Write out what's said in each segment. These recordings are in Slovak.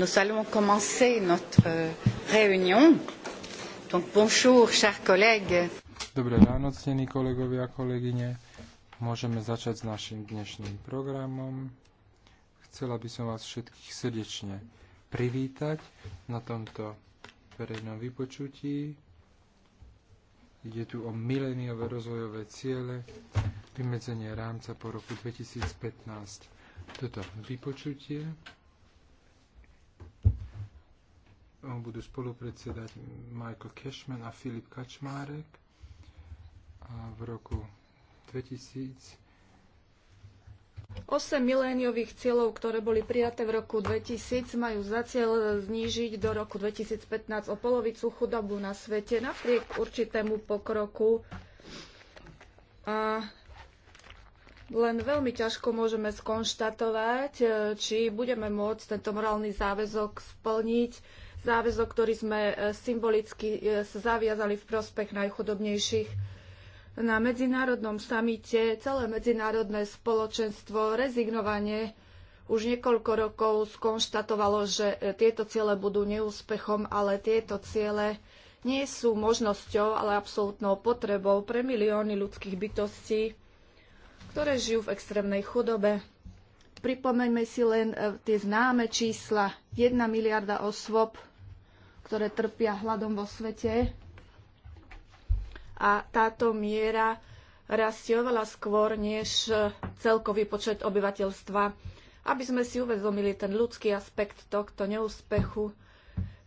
Nous allons commencer notre euh, réunion. Donc bonjour, chers collègues. Dobré ráno, ctení kolegovia a kolegyne. Môžeme začať s našim dnešným programom. Chcela by som vás všetkých srdečne privítať na tomto verejnom vypočutí. Ide tu o mileniové rozvojové ciele, vymedzenie rámca po roku 2015. Toto vypočutie budú spolupredsedať Michael Cashman a Filip Kačmárek. A v roku 2000 8 miléniových cieľov, ktoré boli prijaté v roku 2000, majú za cieľ znížiť do roku 2015 o polovicu chudobu na svete napriek určitému pokroku. A len veľmi ťažko môžeme skonštatovať, či budeme môcť tento morálny záväzok splniť záväzok, ktorý sme e, symbolicky e, sa zaviazali v prospech najchudobnejších. Na medzinárodnom samite celé medzinárodné spoločenstvo rezignovanie už niekoľko rokov skonštatovalo, že e, tieto ciele budú neúspechom, ale tieto ciele nie sú možnosťou, ale absolútnou potrebou pre milióny ľudských bytostí, ktoré žijú v extrémnej chudobe. Pripomeňme si len tie známe čísla. 1 miliarda osôb ktoré trpia hladom vo svete. A táto miera rastie oveľa skôr než celkový počet obyvateľstva. Aby sme si uvedomili ten ľudský aspekt tohto neúspechu,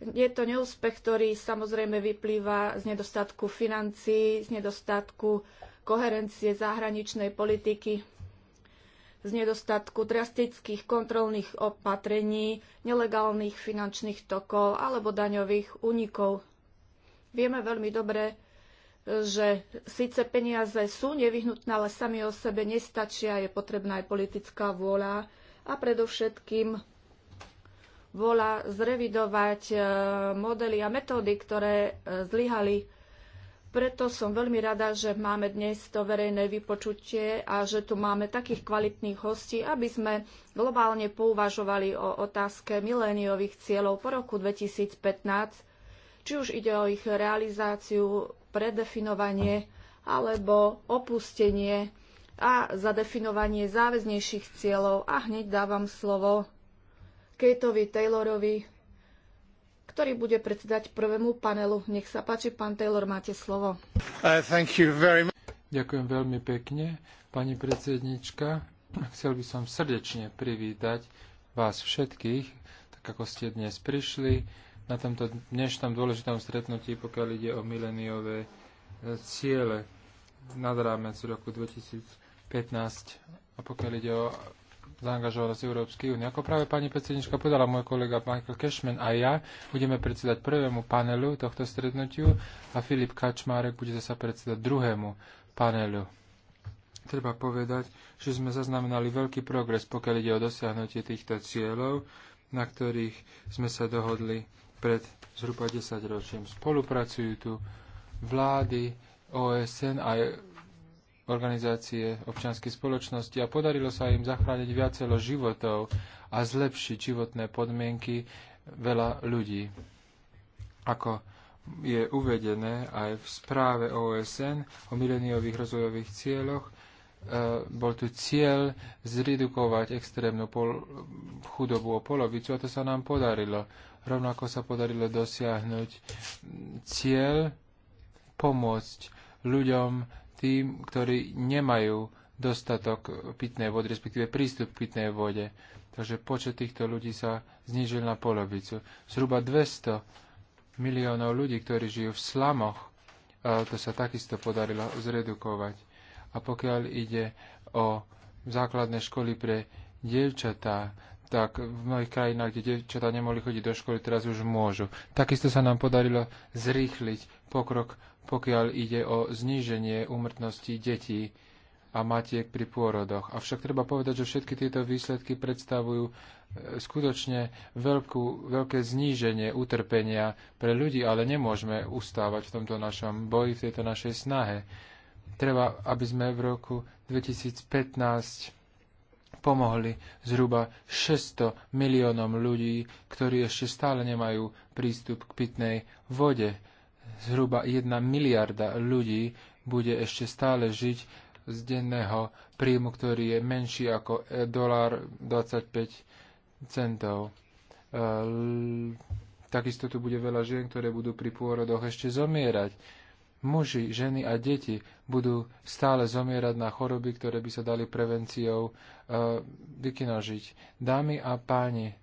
je to neúspech, ktorý samozrejme vyplýva z nedostatku financií, z nedostatku koherencie zahraničnej politiky z nedostatku drastických kontrolných opatrení, nelegálnych finančných tokov alebo daňových únikov. Vieme veľmi dobre, že síce peniaze sú nevyhnutné, ale sami o sebe nestačia, je potrebná aj politická vôľa a predovšetkým vôľa zrevidovať eh, modely a metódy, ktoré eh, zlyhali preto som veľmi rada, že máme dnes to verejné vypočutie a že tu máme takých kvalitných hostí, aby sme globálne pouvažovali o otázke miléniových cieľov po roku 2015, či už ide o ich realizáciu, predefinovanie alebo opustenie a zadefinovanie záväznejších cieľov. A hneď dávam slovo Kateovi Taylorovi, ktorý bude predsedať prvému panelu. Nech sa páči, pán Taylor, máte slovo. Uh, Ďakujem veľmi pekne, pani predsednička. Chcel by som srdečne privítať vás všetkých, tak ako ste dnes prišli na tomto dnešnom dôležitom stretnutí, pokiaľ ide o mileniové e, ciele nad rámec roku 2015 a pokiaľ ide o zaangažovala z Európskej únie. Ako práve pani predsednička povedala, môj kolega Michael Cashman a ja budeme predsedať prvému panelu tohto stretnutiu a Filip Kačmárek bude zase predsedať druhému panelu. Treba povedať, že sme zaznamenali veľký progres, pokiaľ ide o dosiahnutie týchto cieľov, na ktorých sme sa dohodli pred zhruba 10 ročím. Spolupracujú tu vlády, OSN a organizácie občianskej spoločnosti a podarilo sa im zachrániť viacelo životov a zlepšiť životné podmienky veľa ľudí. Ako je uvedené aj v správe OSN o mileniových rozvojových cieľoch, e, bol tu cieľ zredukovať extrémnu pol- chudobu o polovicu a to sa nám podarilo. Rovnako sa podarilo dosiahnuť cieľ pomôcť ľuďom tým, ktorí nemajú dostatok pitnej vody, respektíve prístup k pitnej vode. Takže počet týchto ľudí sa znížil na polovicu. Zhruba 200 miliónov ľudí, ktorí žijú v slamoch, to sa takisto podarilo zredukovať. A pokiaľ ide o základné školy pre dievčatá, tak v mnohých krajinách, kde dievčatá nemohli chodiť do školy, teraz už môžu. Takisto sa nám podarilo zrýchliť pokrok pokiaľ ide o zníženie úmrtnosti detí a matiek pri pôrodoch. Avšak treba povedať, že všetky tieto výsledky predstavujú e, skutočne veľkú, veľké zníženie utrpenia pre ľudí, ale nemôžeme ustávať v tomto našom boji, v tejto našej snahe. Treba, aby sme v roku 2015 pomohli zhruba 600 miliónom ľudí, ktorí ešte stále nemajú prístup k pitnej vode zhruba 1 miliarda ľudí bude ešte stále žiť z denného príjmu, ktorý je menší ako e, dolár 25 centov. E, takisto tu bude veľa žien, ktoré budú pri pôrodoch ešte zomierať. Muži, ženy a deti budú stále zomierať na choroby, ktoré by sa dali prevenciou e, vykinožiť. Dámy a páni,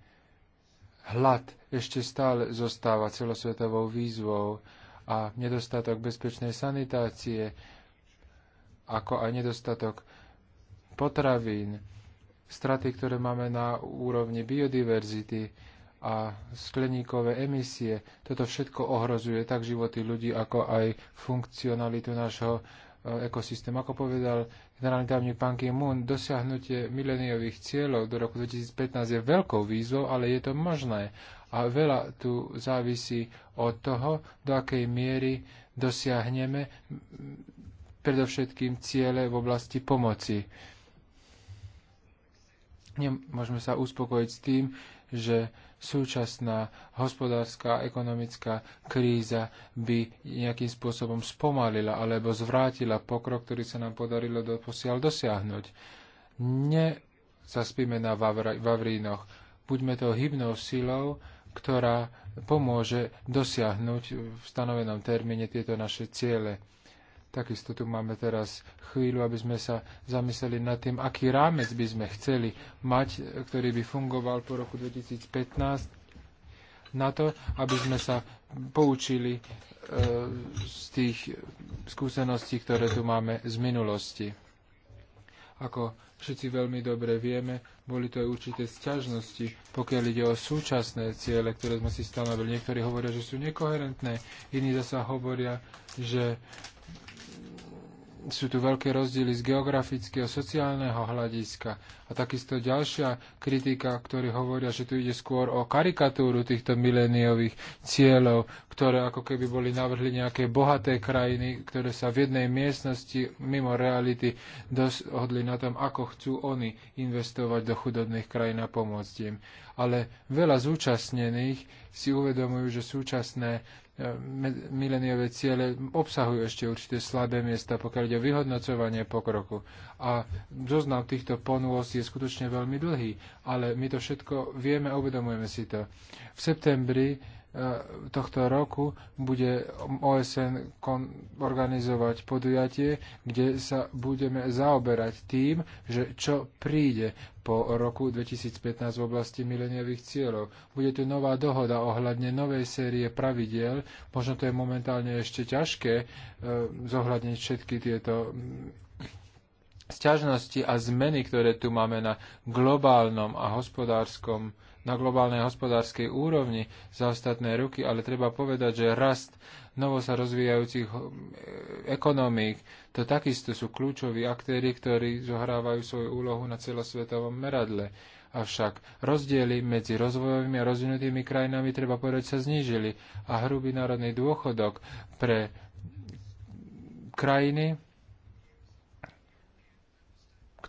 hlad ešte stále zostáva celosvetovou výzvou a nedostatok bezpečnej sanitácie, ako aj nedostatok potravín, straty, ktoré máme na úrovni biodiverzity a skleníkové emisie. Toto všetko ohrozuje tak životy ľudí, ako aj funkcionalitu nášho e, ekosystému. Ako povedal generálny tajomník Pan Ki-moon, dosiahnutie mileniových cieľov do roku 2015 je veľkou výzvou, ale je to možné a veľa tu závisí od toho, do akej miery dosiahneme predovšetkým ciele v oblasti pomoci. Nemôžeme sa uspokojiť s tým, že súčasná hospodárska a ekonomická kríza by nejakým spôsobom spomalila alebo zvrátila pokrok, ktorý sa nám podarilo doposiaľ dosiahnuť. Nezaspíme na Vavrínoch. Buďme to hybnou silou, ktorá pomôže dosiahnuť v stanovenom termíne tieto naše ciele. Takisto tu máme teraz chvíľu, aby sme sa zamysleli nad tým, aký rámec by sme chceli mať, ktorý by fungoval po roku 2015, na to, aby sme sa poučili e, z tých skúseností, ktoré tu máme z minulosti. Ako všetci veľmi dobre vieme, boli to aj určité sťažnosti, pokiaľ ide o súčasné ciele, ktoré sme si stanovili. Niektorí hovoria, že sú nekoherentné, iní zasa hovoria, že sú tu veľké rozdiely z geografického, sociálneho hľadiska. A takisto ďalšia kritika, ktorí hovoria, že tu ide skôr o karikatúru týchto miléniových cieľov, ktoré ako keby boli navrhli nejaké bohaté krajiny, ktoré sa v jednej miestnosti mimo reality dohodli na tom, ako chcú oni investovať do chudobných krajín a pomôcť im. Ale veľa zúčastnených si uvedomujú, že súčasné mileniové ciele obsahujú ešte určité slabé miesta, pokiaľ ide o vyhodnocovanie pokroku. A zoznam týchto ponúos je skutočne veľmi dlhý, ale my to všetko vieme a uvedomujeme si to. V septembri E, tohto roku bude OSN organizovať podujatie, kde sa budeme zaoberať tým, že čo príde po roku 2015 v oblasti mileniových cieľov. Bude tu nová dohoda ohľadne novej série pravidiel. Možno to je momentálne ešte ťažké e, zohľadniť všetky tieto sťažnosti a zmeny, ktoré tu máme na globálnom a hospodárskom na globálnej hospodárskej úrovni za ostatné ruky, ale treba povedať, že rast novo sa rozvíjajúcich eh, ekonomík, to takisto sú kľúčoví aktéry, ktorí zohrávajú svoju úlohu na celosvetovom meradle. Avšak rozdiely medzi rozvojovými a rozvinutými krajinami, treba povedať, sa znížili a hrubý národný dôchodok pre krajiny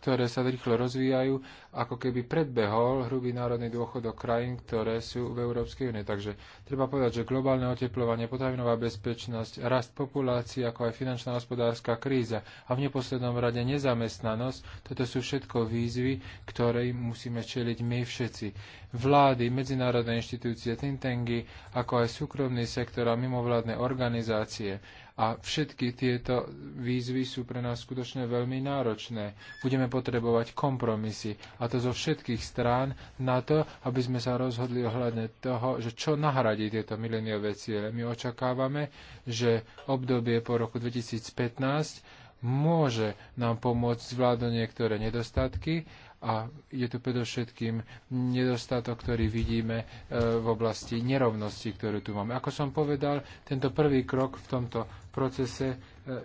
ktoré sa rýchlo rozvíjajú, ako keby predbehol hrubý národný dôchodok krajín, ktoré sú v Európskej únie. Takže treba povedať, že globálne oteplovanie, potravinová bezpečnosť, rast populácie, ako aj finančná hospodárska kríza a v neposlednom rade nezamestnanosť, toto sú všetko výzvy, ktoré musíme čeliť my všetci. Vlády, medzinárodné inštitúcie, tintengy, ako aj súkromný sektor a mimovládne organizácie a všetky tieto výzvy sú pre nás skutočne veľmi náročné. Budeme potrebovať kompromisy, a to zo všetkých strán, na to, aby sme sa rozhodli ohľadne toho, že čo nahradí tieto mileniové ciele. My očakávame, že obdobie po roku 2015 môže nám pomôcť zvládnuť niektoré nedostatky a je tu predovšetkým nedostatok, ktorý vidíme e, v oblasti nerovnosti, ktorú tu máme. Ako som povedal, tento prvý krok v tomto procese e,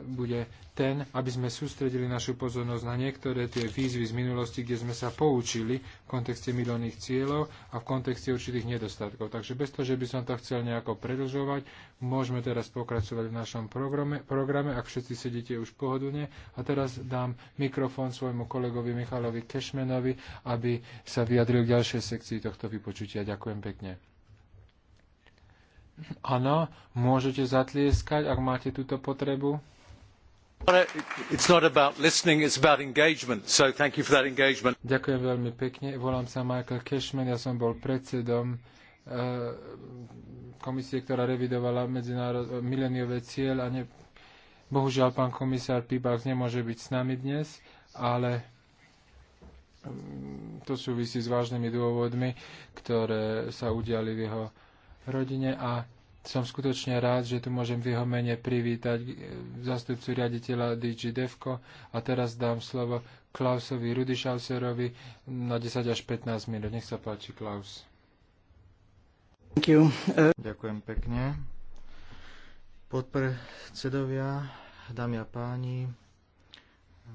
bude ten, aby sme sústredili našu pozornosť na niektoré tie výzvy z minulosti, kde sme sa poučili v kontexte milónnych cieľov a v kontexte určitých nedostatkov. Takže bez toho, že by som to chcel nejako predlžovať, môžeme teraz pokračovať v našom programe, programe ak všetci sedíte už pohodlne. A teraz dám mikrofón svojmu kolegovi Michalovi Kešmenovi, aby sa vyjadril k ďalšej sekcii tohto vypočutia. Ďakujem pekne. Áno, môžete zatlieskať, ak máte túto potrebu. Ďakujem veľmi pekne. Volám sa Michael Cashman, ja som bol predsedom e, komisie, ktorá revidovala medzinárod, mileniové cieľ a ne... bohužiaľ pán komisár Pibax nemôže byť s nami dnes, ale mm, to súvisí s vážnymi dôvodmi, ktoré sa udiali v jeho rodine a som skutočne rád, že tu môžem v jeho mene privítať eh, zastupcu riaditeľa DG Devko a teraz dám slovo Klausovi Rudišauserovi na 10 až 15 minút. Nech sa páči, Klaus. Eh, Ďakujem pekne. Podpredsedovia, dámy a páni,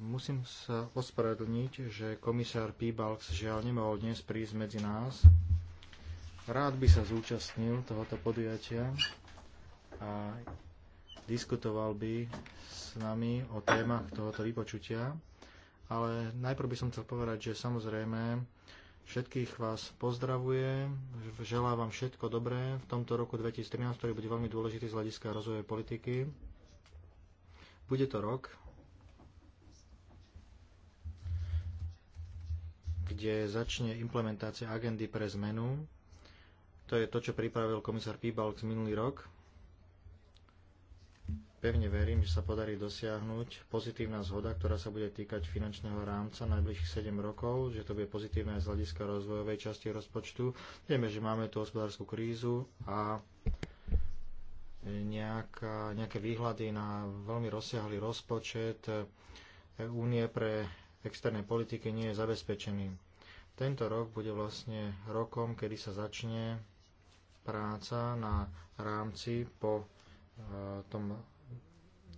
musím sa ospravedlniť, že komisár Pibalks žiaľ nemohol dnes prísť medzi nás, Rád by sa zúčastnil tohoto podujatia a diskutoval by s nami o témach tohoto vypočutia, ale najprv by som chcel povedať, že samozrejme všetkých vás pozdravujem, želám vám všetko dobré v tomto roku 2013, ktorý bude veľmi dôležitý z hľadiska rozvoja politiky. Bude to rok, kde začne implementácia agendy pre zmenu to je to, čo pripravil komisár Pibalks minulý rok. Pevne verím, že sa podarí dosiahnuť pozitívna zhoda, ktorá sa bude týkať finančného rámca najbližších 7 rokov, že to bude pozitívne aj z hľadiska rozvojovej časti rozpočtu. Vieme, že máme tu hospodárskú krízu a nejaká, nejaké výhľady na veľmi rozsiahly rozpočet únie pre externé politiky nie je zabezpečený. Tento rok bude vlastne rokom, kedy sa začne práca na rámci po eh, tom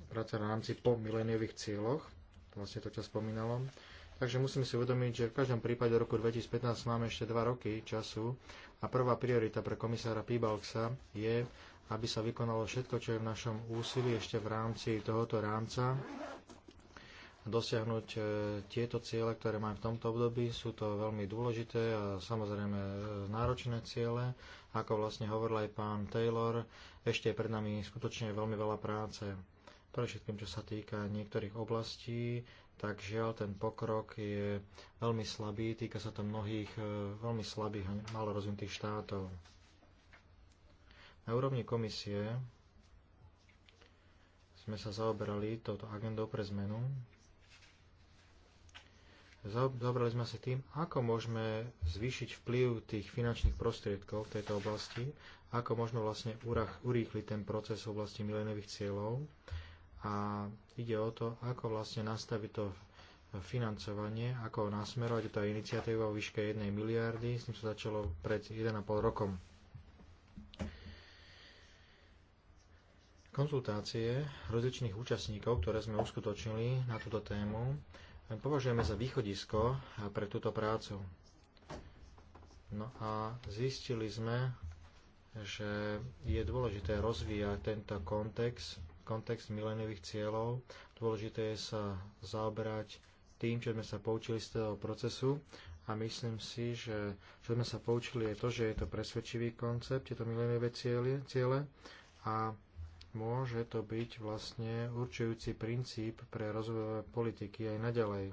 práca na rámci po mileniových cieľoch, vlastne to, ťa spomínalo. Takže musíme si uvedomiť, že v každom prípade roku 2015 máme ešte 2 roky času a prvá priorita pre komisára Pibalksa je, aby sa vykonalo všetko, čo je v našom úsilí ešte v rámci tohoto rámca dosiahnuť e, tieto ciele, ktoré máme v tomto období. Sú to veľmi dôležité a samozrejme e, náročné ciele. Ako vlastne hovoril aj pán Taylor, ešte je pred nami skutočne veľmi veľa práce. Pre všetkým, čo sa týka niektorých oblastí, tak žiaľ ten pokrok je veľmi slabý, týka sa to mnohých e, veľmi slabých a malo rozvinutých štátov. Na úrovni komisie sme sa zaoberali touto agendou pre zmenu Zabrali sme sa tým, ako môžeme zvýšiť vplyv tých finančných prostriedkov v tejto oblasti, ako možno vlastne urýchliť ten proces v oblasti milenových cieľov a ide o to, ako vlastne nastaviť to financovanie, ako nasmerovať tá iniciatíva o výške 1 miliardy, s tým sa začalo pred 1,5 rokom. Konzultácie rozličných účastníkov, ktoré sme uskutočnili na túto tému, považujeme za východisko pre túto prácu. No a zistili sme, že je dôležité rozvíjať tento kontext, kontext milenových cieľov. Dôležité je sa zaoberať tým, čo sme sa poučili z toho procesu a myslím si, že čo sme sa poučili je to, že je to presvedčivý koncept, tieto milenové ciele, ciele a môže to byť vlastne určujúci princíp pre rozvojové politiky aj naďalej.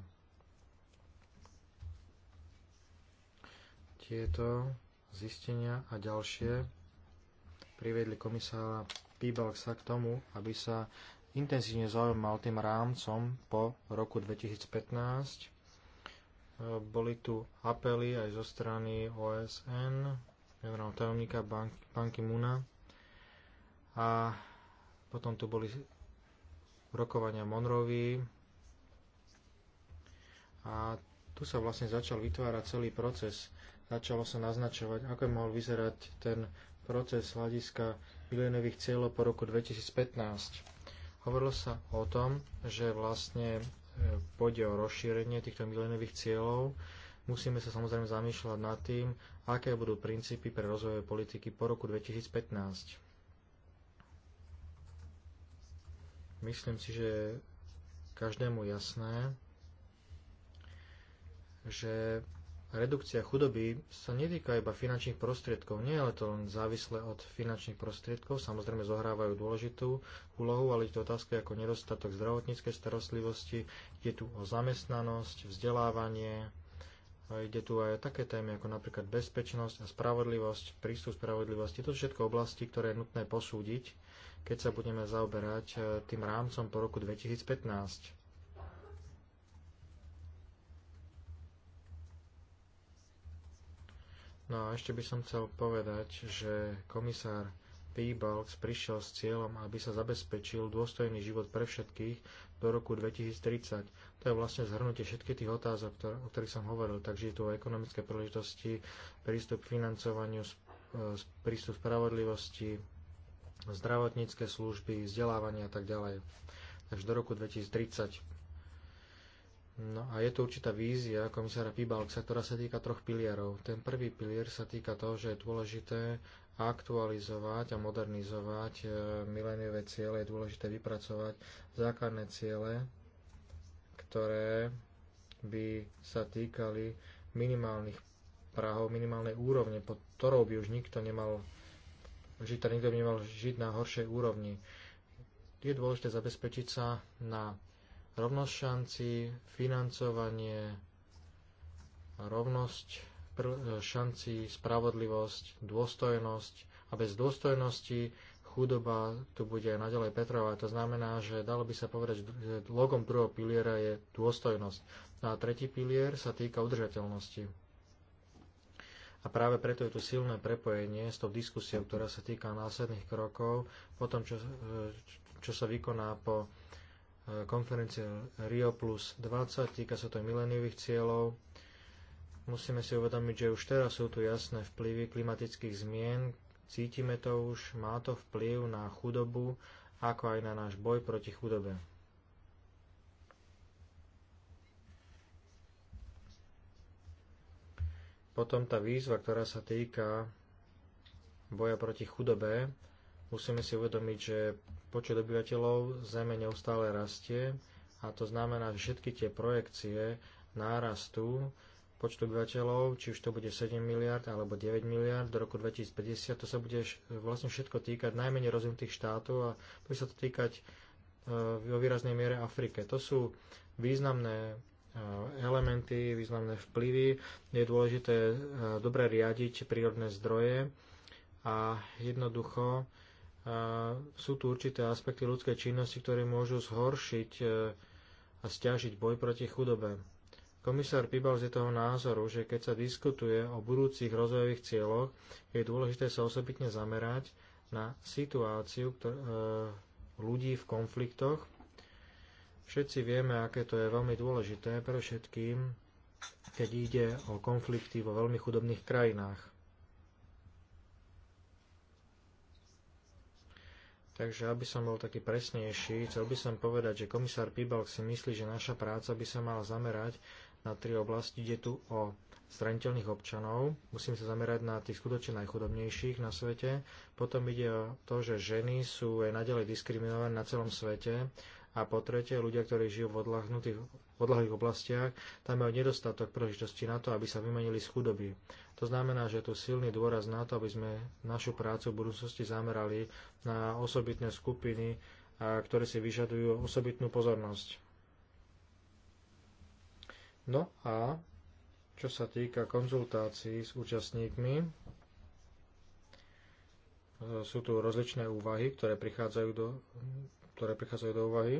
Tieto zistenia a ďalšie priviedli komisára Pibalksa k tomu, aby sa intenzívne zaujímal tým rámcom po roku 2015. Boli tu apely aj zo strany OSN, generálneho tajomníka Banky Muna a potom tu boli rokovania Monrovy a tu sa vlastne začal vytvárať celý proces. Začalo sa naznačovať, ako mohol vyzerať ten proces hľadiska milénových cieľov po roku 2015. Hovorilo sa o tom, že vlastne e, pôjde o rozšírenie týchto milénových cieľov. Musíme sa samozrejme zamýšľať nad tým, aké budú princípy pre rozvojové politiky po roku 2015. Myslím si, že každému jasné, že redukcia chudoby sa netýka iba finančných prostriedkov. Nie je to len závislé od finančných prostriedkov, samozrejme zohrávajú dôležitú úlohu, ale je to otázka ako nedostatok zdravotníckej starostlivosti, je tu o zamestnanosť, vzdelávanie, a ide tu aj o také témy ako napríklad bezpečnosť a spravodlivosť, prístup spravodlivosti. Je To všetko oblasti, ktoré je nutné posúdiť keď sa budeme zaoberať e, tým rámcom po roku 2015. No a ešte by som chcel povedať, že komisár Peebalks prišiel s cieľom, aby sa zabezpečil dôstojný život pre všetkých do roku 2030. To je vlastne zhrnutie všetkých tých otázok, o ktorých som hovoril. Takže je tu o ekonomické príležitosti, prístup k financovaniu, e, prístup k spravodlivosti, zdravotnícke služby, vzdelávanie a tak ďalej. Takže do roku 2030. No a je tu určitá vízia komisára Pibalksa, ktorá sa týka troch pilierov. Ten prvý pilier sa týka toho, že je dôležité aktualizovať a modernizovať e, miléniové ciele. Je dôležité vypracovať základné ciele, ktoré by sa týkali minimálnych prahov, minimálnej úrovne, pod ktorou by už nikto nemal žita, nikto by nemal žiť na horšej úrovni. Je dôležité zabezpečiť sa na rovnosť šanci, financovanie, rovnosť e, šanci, spravodlivosť, dôstojnosť a bez dôstojnosti chudoba tu bude aj naďalej Petrova. To znamená, že dalo by sa povedať, že logom druhého piliera je dôstojnosť. No a tretí pilier sa týka udržateľnosti. A práve preto je tu silné prepojenie s tou diskusiou, ktorá sa týka následných krokov, po tom, čo, e, čo sa vykoná po e, konferencie Rio plus 20, týka sa to aj mileniových cieľov. Musíme si uvedomiť, že už teraz sú tu jasné vplyvy klimatických zmien, cítime to už, má to vplyv na chudobu, ako aj na náš boj proti chudobe. Potom tá výzva, ktorá sa týka boja proti chudobe, musíme si uvedomiť, že počet obyvateľov Zeme neustále rastie a to znamená, že všetky tie projekcie nárastu počtu obyvateľov, či už to bude 7 miliard alebo 9 miliard do roku 2050, to sa bude vlastne všetko týkať najmenej rozvinutých štátov a bude sa to týkať e, vo výraznej miere Afrike. To sú významné Eh, elementy, významné vplyvy. Je dôležité eh, dobre riadiť prírodné zdroje a jednoducho eh, sú tu určité aspekty ľudskej činnosti, ktoré môžu zhoršiť a stiažiť boj proti chudobe. Komisár Pibal je toho názoru, že keď sa diskutuje o budúcich rozvojových cieľoch, je dôležité sa osobitne zamerať na situáciu ľudí v konfliktoch Všetci vieme, aké to je veľmi dôležité pre všetkým, keď ide o konflikty vo veľmi chudobných krajinách. Takže aby som bol taký presnejší, chcel by som povedať, že komisár Pibalk si myslí, že naša práca by sa mala zamerať na tri oblasti. Ide tu o zraniteľných občanov, musím sa zamerať na tých skutočne najchudobnejších na svete. Potom ide o to, že ženy sú aj naďalej diskriminované na celom svete a po tretie, ľudia, ktorí žijú v odlahnutých odlahlých oblastiach, tam je nedostatok príležitosti na to, aby sa vymenili z chudoby. To znamená, že je tu silný dôraz na to, aby sme našu prácu v budúcnosti zamerali na osobitné skupiny, ktoré si vyžadujú osobitnú pozornosť. No a čo sa týka konzultácií s účastníkmi, sú tu rozličné úvahy, ktoré prichádzajú do, ktoré prichádzajú do úvahy.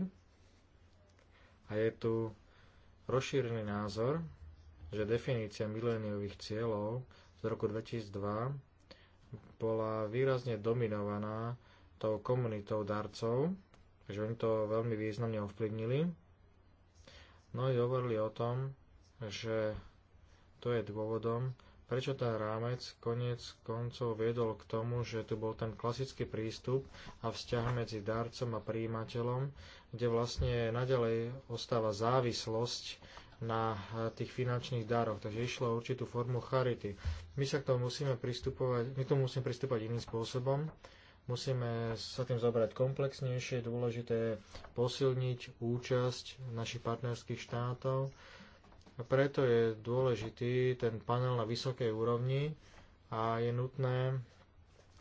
A je tu rozšírený názor, že definícia miléniových cieľov z roku 2002 bola výrazne dominovaná tou komunitou darcov, takže oni to veľmi významne ovplyvnili. no i hovorili o tom, že to je dôvodom, prečo tá rámec koniec koncov viedol k tomu, že tu bol ten klasický prístup a vzťah medzi dárcom a príjimateľom, kde vlastne naďalej ostáva závislosť na eh, tých finančných dároch. Takže išlo o určitú formu charity. My sa k tomu musíme pristupovať, my tomu musíme pristúpať iným spôsobom. Musíme sa tým zobrať komplexnejšie, dôležité je posilniť účasť našich partnerských štátov, a preto je dôležitý ten panel na vysokej úrovni a je nutné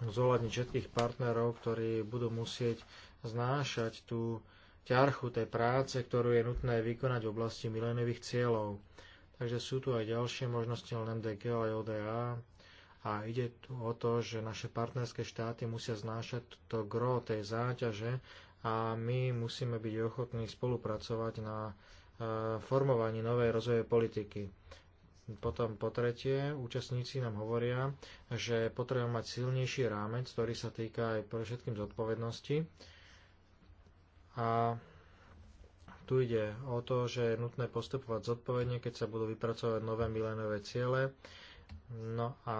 zohľadniť všetkých partnerov, ktorí budú musieť znášať tú ťarchu tej práce, ktorú je nutné vykonať v oblasti milénových cieľov. Takže sú tu aj ďalšie možnosti, len MDG, ale aj ODA. A ide tu o to, že naše partnerské štáty musia znášať to gro tej záťaže a my musíme byť ochotní spolupracovať na E, formovaní novej rozvojovej politiky. Potom po tretie, účastníci nám hovoria, že potrebujeme mať silnejší rámec, ktorý sa týka aj pre všetkým zodpovednosti. A tu ide o to, že je nutné postupovať zodpovedne, keď sa budú vypracovať nové milénové ciele. No a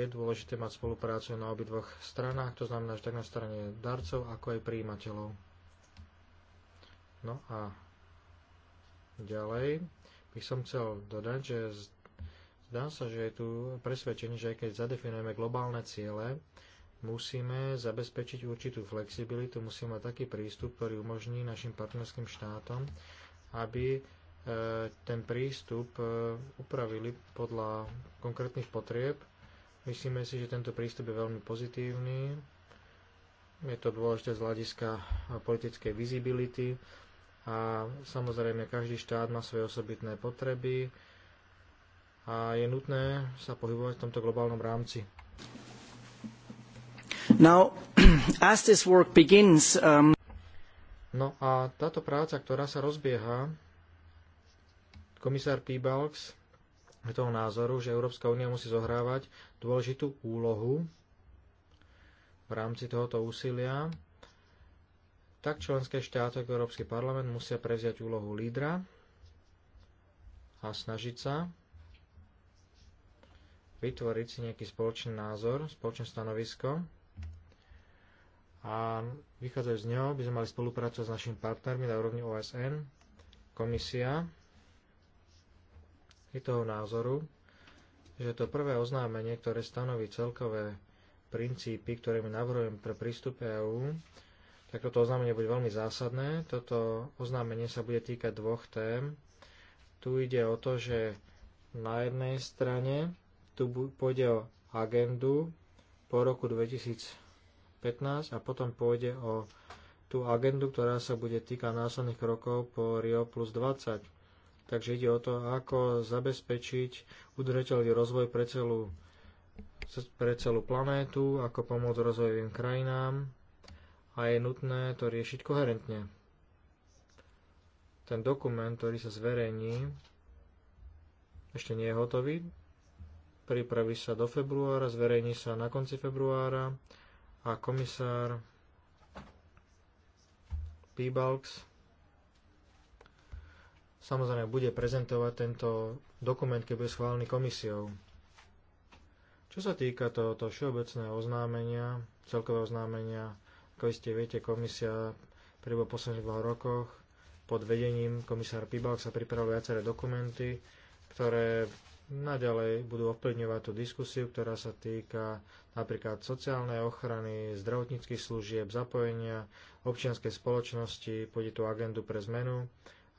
je dôležité mať spoluprácu na obidvoch stranách, to znamená, že tak na strane darcov, ako aj príjimateľov. No a Ďalej by som chcel dodať, že zdá sa, že je tu presvedčenie, že aj keď zadefinujeme globálne ciele, musíme zabezpečiť určitú flexibilitu, musíme mať taký prístup, ktorý umožní našim partnerským štátom, aby e, ten prístup e, upravili podľa konkrétnych potrieb. Myslíme si, že tento prístup je veľmi pozitívny. Je to dôležité z hľadiska politickej vizibility, a samozrejme každý štát má svoje osobitné potreby a je nutné sa pohybovať v tomto globálnom rámci. Now, as this work begins, um... No a táto práca, ktorá sa rozbieha, komisár Peebalks je toho názoru, že Európska únia musí zohrávať dôležitú úlohu v rámci tohoto úsilia tak členské štáty ako Európsky parlament musia prevziať úlohu lídra a snažiť sa vytvoriť si nejaký spoločný názor, spoločné stanovisko a vychádzať z neho, by sme mali spolupracovať s našimi partnermi na úrovni OSN, komisia je toho názoru, že to prvé oznámenie, ktoré stanoví celkové princípy, ktoré my navrhujeme pre prístup EÚ, tak toto oznámenie bude veľmi zásadné. Toto oznámenie sa bude týkať dvoch tém. Tu ide o to, že na jednej strane tu pôjde o agendu po roku 2015 a potom pôjde o tú agendu, ktorá sa bude týkať následných krokov po Rio plus 20. Takže ide o to, ako zabezpečiť udržateľný rozvoj pre celú, pre celú planétu, ako pomôcť rozvojovým krajinám, a je nutné to riešiť koherentne. Ten dokument, ktorý sa zverejní, ešte nie je hotový. Pripraví sa do februára, zverejní sa na konci februára a komisár Peebalks samozrejme bude prezentovať tento dokument, keď bude schválený komisiou. Čo sa týka tohoto všeobecného oznámenia, celkového oznámenia ako iste viete, komisia prebo posledných dvoch rokoch pod vedením komisár Pibalk sa pripravili viaceré dokumenty, ktoré naďalej budú ovplyvňovať tú diskusiu, ktorá sa týka napríklad sociálnej ochrany, zdravotníckých služieb, zapojenia občianskej spoločnosti, pôjde tu agendu pre zmenu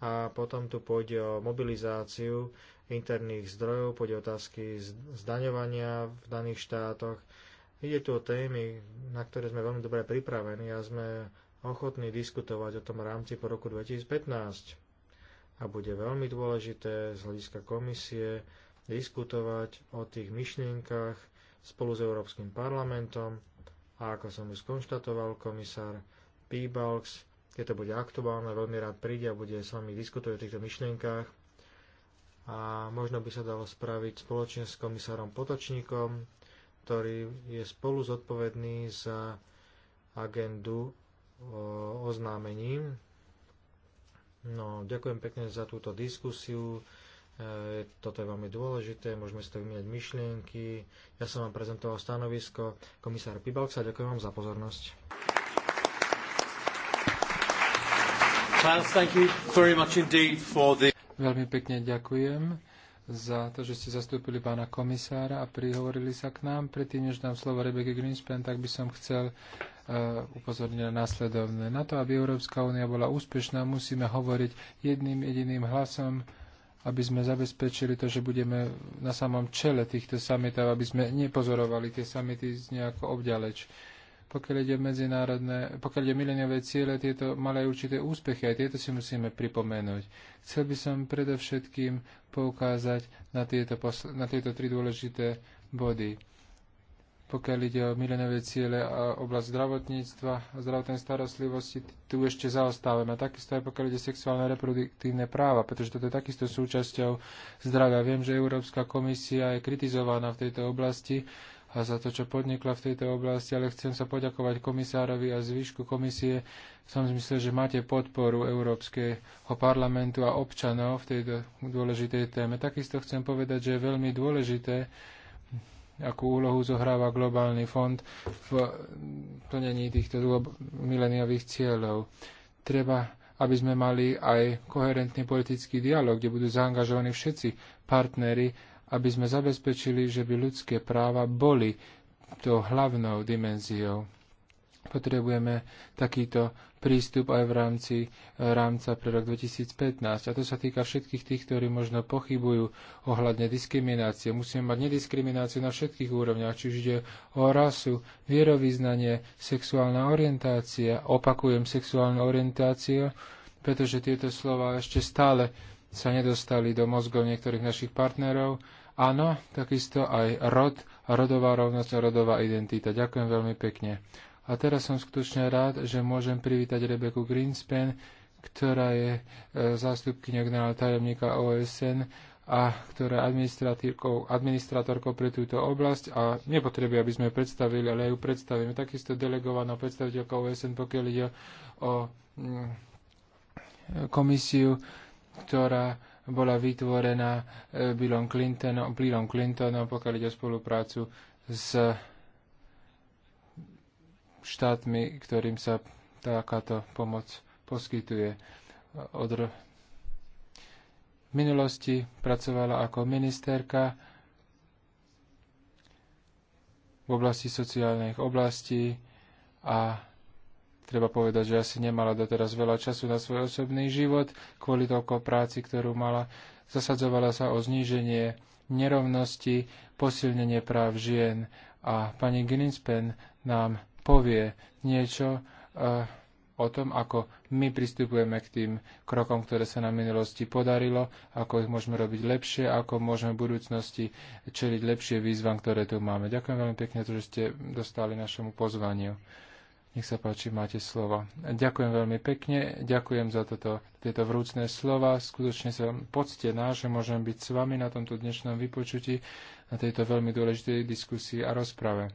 a potom tu pôjde o mobilizáciu interných zdrojov, pôjde otázky zdaňovania v daných štátoch, Ide tu o témy, na ktoré sme veľmi dobre pripravení a sme ochotní diskutovať o tom rámci po roku 2015. A bude veľmi dôležité z hľadiska komisie diskutovať o tých myšlienkach spolu s Európskym parlamentom a ako som už skonštatoval, komisár Peebalks, keď to bude aktuálne, veľmi rád príde a bude s vami diskutovať o týchto myšlienkách a možno by sa dalo spraviť spoločne s komisárom Potočníkom ktorý je spolu zodpovedný za agendu oznámením. No, ďakujem pekne za túto diskusiu. E, toto je veľmi dôležité, môžeme si to vymieňať myšlienky. Ja som vám prezentoval stanovisko komisár Pibalksa. Ďakujem vám za pozornosť. the... Veľmi pekne ďakujem za to, že ste zastúpili pána komisára a prihovorili sa k nám. Predtým, než dám slovo Rebeke Greenspan, tak by som chcel eh, upozorniť na následovné. Na to, aby Európska únia bola úspešná, musíme hovoriť jedným jediným hlasom, aby sme zabezpečili to, že budeme na samom čele týchto samitov, aby sme nepozorovali tie samity nejako obďaleč. Pokiaľ ide medzinárodné, pokiaľ ide mileniové ciele, tieto malé určité úspechy, aj tieto si musíme pripomenúť. Chcel by som predovšetkým poukázať na tieto, na tieto tri dôležité body pokiaľ ide o mileniové ciele a oblasť zdravotníctva a zdravotnej starostlivosti, tu ešte zaostávame. Takisto aj pokiaľ ide sexuálne reproduktívne práva, pretože toto je takisto súčasťou zdravia. Viem, že Európska komisia je kritizovaná v tejto oblasti a za to, čo podnikla v tejto oblasti, ale chcem sa poďakovať komisárovi a zvyšku komisie v tom zmysle, že máte podporu Európskeho parlamentu a občanov v tejto dôležitej téme. Takisto chcem povedať, že je veľmi dôležité, akú úlohu zohráva globálny fond v plnení týchto mileniových cieľov. Treba, aby sme mali aj koherentný politický dialog, kde budú zaangažovaní všetci partnery aby sme zabezpečili, že by ľudské práva boli tou hlavnou dimenziou. Potrebujeme takýto prístup aj v rámci rámca pre rok 2015. A to sa týka všetkých tých, ktorí možno pochybujú ohľadne diskriminácie. Musíme mať nediskrimináciu na všetkých úrovniach, čiže ide o rasu, vierovýznanie, sexuálna orientácia. Opakujem sexuálnu orientáciu, pretože tieto slova ešte stále sa nedostali do mozgov niektorých našich partnerov. Áno, takisto aj rod, rodová rovnosť a rodová identita. Ďakujem veľmi pekne. A teraz som skutočne rád, že môžem privítať Rebeku Greenspan, ktorá je e, zástupkynia generálneho tajomníka OSN a ktorá je administratorkou pre túto oblasť a nepotrebuje, aby sme ju predstavili, ale aj ju predstavíme. Takisto delegovaná predstaviteľka OSN, pokiaľ ide o mm, komisiu ktorá bola vytvorená e, Billom Clintonom, Billom Clintonom pokiaľ ide o spoluprácu s štátmi, ktorým sa takáto pomoc poskytuje. Od v minulosti pracovala ako ministerka v oblasti sociálnych oblastí a Treba povedať, že asi nemala doteraz veľa času na svoj osobný život kvôli toľko práci, ktorú mala. Zasadzovala sa o zníženie nerovnosti, posilnenie práv žien a pani Greenspan nám povie niečo uh, o tom, ako my pristupujeme k tým krokom, ktoré sa na minulosti podarilo, ako ich môžeme robiť lepšie, ako môžeme v budúcnosti čeliť lepšie výzvam, ktoré tu máme. Ďakujem veľmi pekne, to, že ste dostali našemu pozvaniu. Nech sa páči, máte slovo. Ďakujem veľmi pekne, ďakujem za toto, tieto vrúcne slova. Skutočne som poctená, že môžem byť s vami na tomto dnešnom vypočutí, na tejto veľmi dôležitej diskusii a rozprave.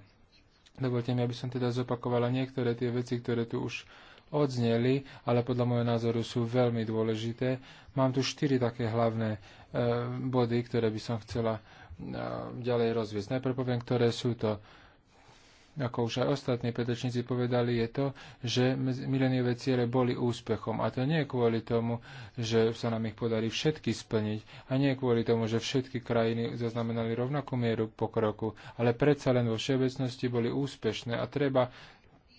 Dovolte mi, aby som teda zopakovala niektoré tie veci, ktoré tu už odzneli, ale podľa môjho názoru sú veľmi dôležité. Mám tu štyri také hlavné e, body, ktoré by som chcela e, ďalej rozviesť. Najprv poviem, ktoré sú to. E, ako už aj ostatní predečníci povedali, je to, že mileniové ciele boli úspechom. A to nie je kvôli tomu, že sa nám ich podarí všetky splniť a nie je kvôli tomu, že všetky krajiny zaznamenali rovnakú mieru pokroku, ale predsa len vo všeobecnosti boli úspešné a treba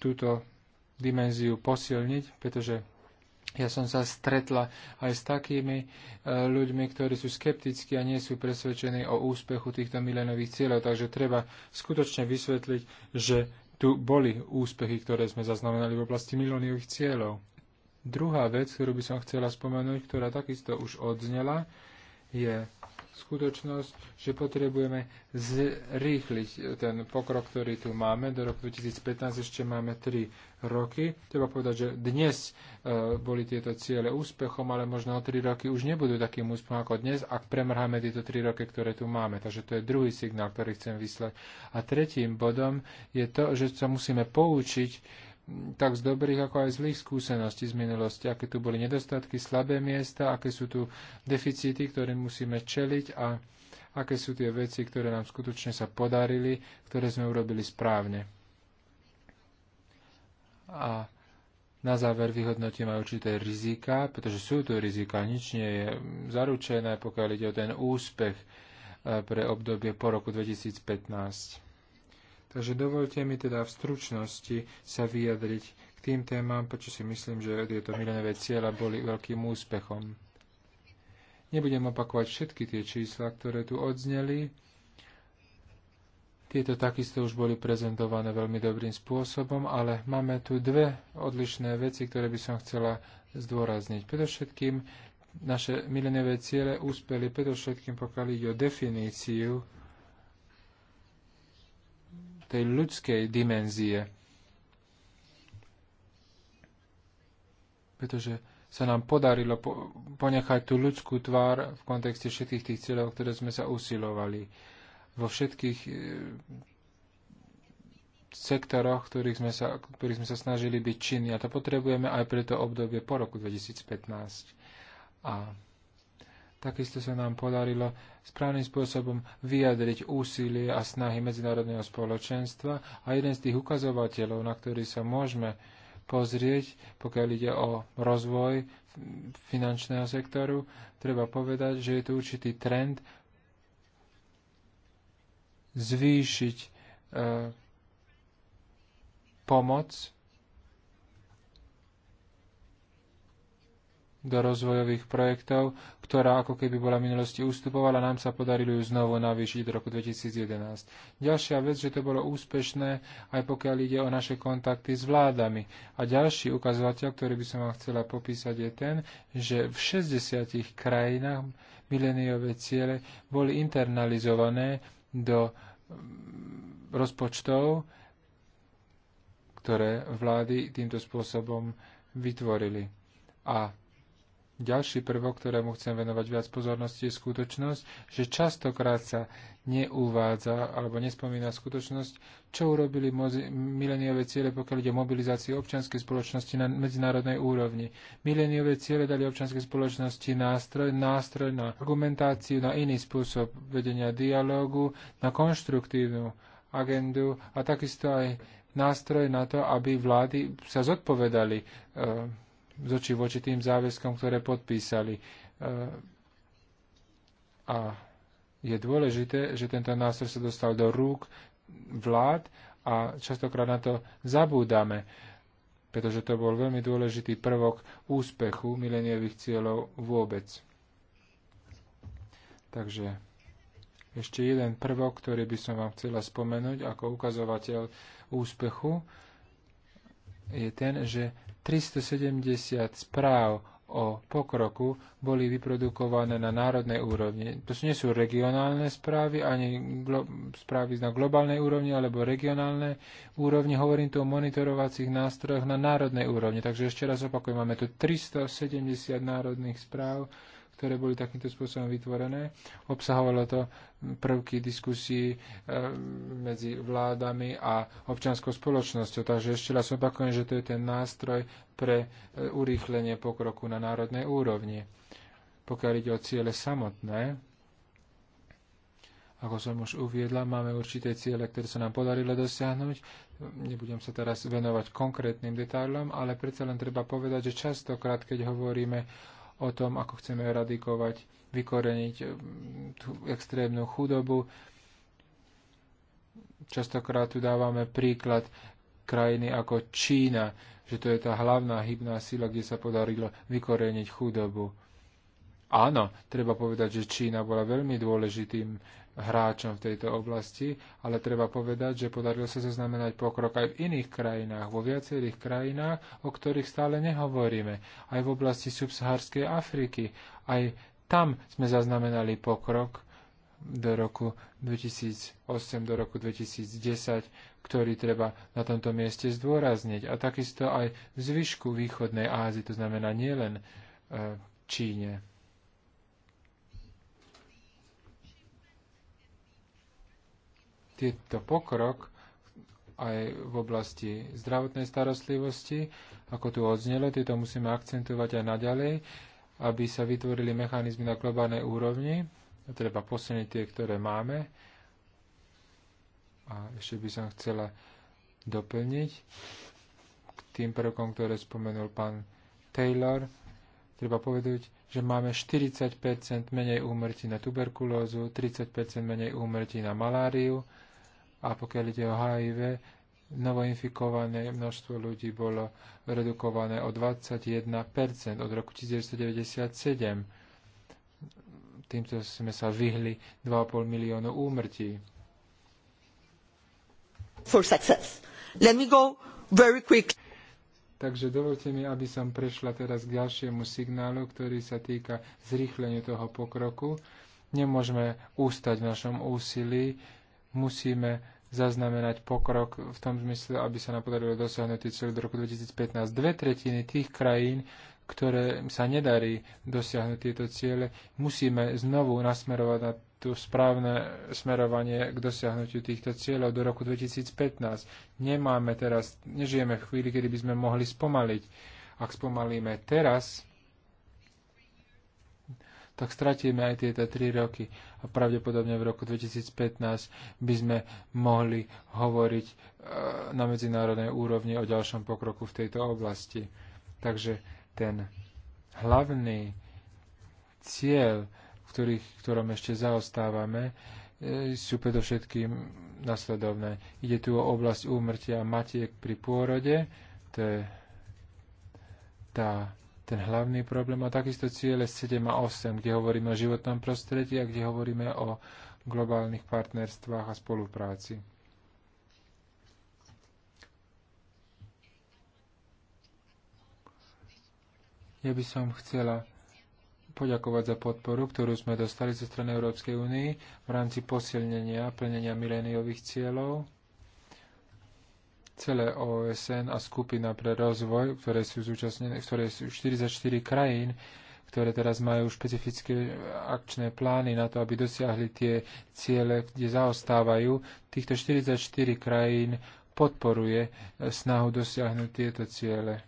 túto dimenziu posilniť, pretože ja som sa stretla aj s takými e, ľuďmi, ktorí sú skeptickí a nie sú presvedčení o úspechu týchto milenových cieľov. Takže treba skutočne vysvetliť, že tu boli úspechy, ktoré sme zaznamenali v oblasti milenových cieľov. Druhá vec, ktorú by som chcela spomenúť, ktorá takisto už odznela, je skutočnosť, že potrebujeme zrýchliť ten pokrok, ktorý tu máme. Do roku 2015 ešte máme 3 roky. Treba povedať, že dnes e, boli tieto ciele úspechom, ale možno o 3 roky už nebudú takým úspechom ako dnes, ak premrháme tieto 3 roky, ktoré tu máme. Takže to je druhý signál, ktorý chcem vyslať. A tretím bodom je to, že sa musíme poučiť tak z dobrých, ako aj zlých skúseností z minulosti, aké tu boli nedostatky, slabé miesta, aké sú tu deficity, ktoré musíme čeliť a aké sú tie veci, ktoré nám skutočne sa podarili, ktoré sme urobili správne. A na záver vyhodnotím aj určité rizika, pretože sú tu rizika, nič nie je zaručené, pokiaľ ide o ten úspech eh, pre obdobie po roku 2015. Takže dovolte mi teda v stručnosti sa vyjadriť k tým témam, prečo si myslím, že tieto milenové cieľa boli veľkým úspechom. Nebudem opakovať všetky tie čísla, ktoré tu odzneli. Tieto takisto už boli prezentované veľmi dobrým spôsobom, ale máme tu dve odlišné veci, ktoré by som chcela zdôrazniť. Predovšetkým naše milenové ciele úspeli, predovšetkým pokiaľ ide o definíciu tej ľudskej dimenzie. Pretože sa nám podarilo po- ponechať tú ľudskú tvár v kontexte všetkých tých cieľov, ktoré sme sa usilovali. Vo všetkých e, sektoroch, ktorých sme, sa, ktorých sme sa snažili byť činní. A to potrebujeme aj pre to obdobie po roku 2015. A Takisto sa nám podarilo správnym spôsobom vyjadriť úsilie a snahy medzinárodného spoločenstva a jeden z tých ukazovateľov, na ktorý sa môžeme pozrieť, pokiaľ ide o rozvoj finančného sektoru, treba povedať, že je to určitý trend zvýšiť e, pomoc do rozvojových projektov, ktorá ako keby bola v minulosti ustupovala, nám sa podarilo ju znovu navýšiť do roku 2011. Ďalšia vec, že to bolo úspešné, aj pokiaľ ide o naše kontakty s vládami. A ďalší ukazovateľ, ktorý by som vám chcela popísať, je ten, že v 60 krajinách mileniové ciele boli internalizované do mm, rozpočtov, ktoré vlády týmto spôsobom vytvorili. A ďalší prvok, ktorému chcem venovať viac pozornosti, je skutočnosť, že častokrát sa neuvádza alebo nespomína skutočnosť, čo urobili mileniové ciele, pokiaľ ide o mobilizáciu občianskej spoločnosti na medzinárodnej úrovni. Mileniové ciele dali občianskej spoločnosti nástroj, nástroj na argumentáciu, na iný spôsob vedenia dialógu, na konštruktívnu agendu a takisto aj nástroj na to, aby vlády sa zodpovedali eh, zoči voči tým záväzkom, ktoré podpísali. E, a je dôležité, že tento nástroj sa dostal do rúk vlád a častokrát na to zabúdame, pretože to bol veľmi dôležitý prvok úspechu mileniových cieľov vôbec. Takže ešte jeden prvok, ktorý by som vám chcela spomenúť ako ukazovateľ úspechu, je ten, že 370 správ o pokroku boli vyprodukované na národnej úrovni. To nie sú regionálne správy, ani správy na globálnej úrovni alebo regionálne úrovni. Hovorím tu o monitorovacích nástrojoch na národnej úrovni. Takže ešte raz opakujem, máme tu 370 národných správ ktoré boli takýmto spôsobom vytvorené. Obsahovalo to prvky diskusí e, medzi vládami a občianskou spoločnosťou. Takže ešte raz opakujem, že to je ten nástroj pre e, urýchlenie pokroku na národnej úrovni. Pokiaľ ide o ciele samotné, ako som už uviedla, máme určité ciele, ktoré sa nám podarilo dosiahnuť. Nebudem sa teraz venovať konkrétnym detailom, ale predsa len treba povedať, že častokrát, keď hovoríme o tom, ako chceme eradikovať, vykoreniť mm, tú extrémnu chudobu. Častokrát tu dávame príklad krajiny ako Čína, že to je tá hlavná hybná sila, kde sa podarilo vykoreniť chudobu. Áno, treba povedať, že Čína bola veľmi dôležitým hráčom v tejto oblasti, ale treba povedať, že podarilo sa zaznamenať pokrok aj v iných krajinách, vo viacerých krajinách, o ktorých stále nehovoríme, aj v oblasti subsahárskej Afriky. Aj tam sme zaznamenali pokrok do roku 2008, do roku 2010, ktorý treba na tomto mieste zdôrazniť. A takisto aj v zvyšku východnej Ázie, to znamená nielen e, Číne. tieto pokrok aj v oblasti zdravotnej starostlivosti, ako tu odznelo, tieto musíme akcentovať aj naďalej, aby sa vytvorili mechanizmy na globálnej úrovni. Treba posilniť tie, ktoré máme. A ešte by som chcela doplniť k tým prvkom, ktoré spomenul pán Taylor. Treba povedať, že máme 40 menej úmrtí na tuberkulózu, 30 menej úmrtí na maláriu, a pokiaľ ide o HIV, novoinfikované množstvo ľudí bolo redukované o 21% od roku 1997. Týmto sme sa vyhli 2,5 miliónu úmrtí. For success. Let me go very quick. Takže dovolte mi, aby som prešla teraz k ďalšiemu signálu, ktorý sa týka zrýchlenia toho pokroku. Nemôžeme ústať v našom úsilí musíme zaznamenať pokrok v tom zmysle, aby sa nám podarilo dosiahnuť cieľ do roku 2015. Dve tretiny tých krajín, ktoré sa nedarí dosiahnuť tieto ciele, musíme znovu nasmerovať na to správne smerovanie k dosiahnutiu týchto cieľov do roku 2015. Nemáme teraz, nežijeme v chvíli, kedy by sme mohli spomaliť. Ak spomalíme teraz, tak stratíme aj tieto 3 roky. A pravdepodobne v roku 2015 by sme mohli hovoriť e, na medzinárodnej úrovni o ďalšom pokroku v tejto oblasti. Takže ten hlavný cieľ, v ktorých, ktorom ešte zaostávame, e, sú predovšetkým nasledovné. Ide tu o oblasť úmrtia matiek pri pôrode, to je tá ten hlavný problém a takisto ciele 7 a 8, kde hovoríme o životnom prostredí a kde hovoríme o globálnych partnerstvách a spolupráci. Ja by som chcela poďakovať za podporu, ktorú sme dostali zo strany Európskej únie v rámci posilnenia plnenia miléniových cieľov celé OSN a skupina pre rozvoj, ktoré sú zúčastnené, ktoré sú 44 krajín, ktoré teraz majú špecifické akčné plány na to, aby dosiahli tie ciele, kde zaostávajú. Týchto 44 krajín podporuje snahu dosiahnuť tieto ciele.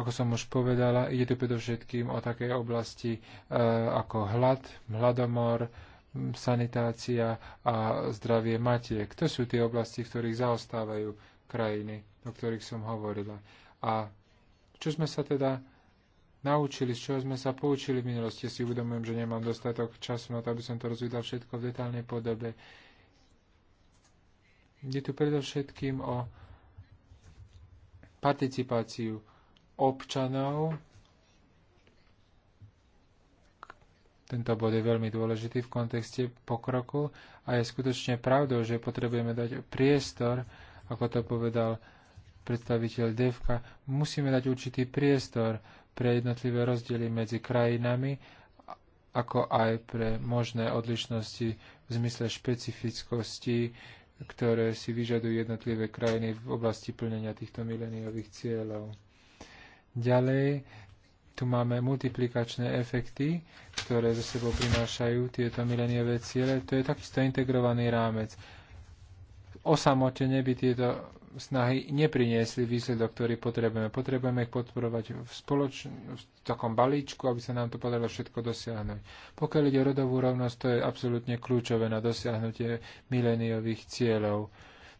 Ako som už povedala, ide tu predovšetkým o také oblasti e, ako hlad, hladomor, sanitácia a zdravie matiek. To sú tie oblasti, v ktorých zaostávajú krajiny, o ktorých som hovorila. A čo sme sa teda naučili, z čoho sme sa poučili v minulosti, si uvedomujem, že nemám dostatok času na to, aby som to rozvídal všetko v detálnej podobe. Je tu predovšetkým o participáciu občanov Tento bod je veľmi dôležitý v kontexte pokroku a je skutočne pravdou, že potrebujeme dať priestor, ako to povedal predstaviteľ DEVKA, musíme dať určitý priestor pre jednotlivé rozdiely medzi krajinami, ako aj pre možné odlišnosti v zmysle špecifickosti, ktoré si vyžadujú jednotlivé krajiny v oblasti plnenia týchto mileniových cieľov. Ďalej, tu máme multiplikačné efekty, ktoré za sebou prinášajú tieto mileniové ciele. To je takisto integrovaný rámec. Osamotene by tieto snahy nepriniesli výsledok, ktorý potrebujeme. Potrebujeme ich podporovať v, spoloč... v takom balíčku, aby sa nám to podarilo všetko dosiahnuť. Pokiaľ ide o rodovú rovnosť, to je absolútne kľúčové na dosiahnutie mileniových cieľov.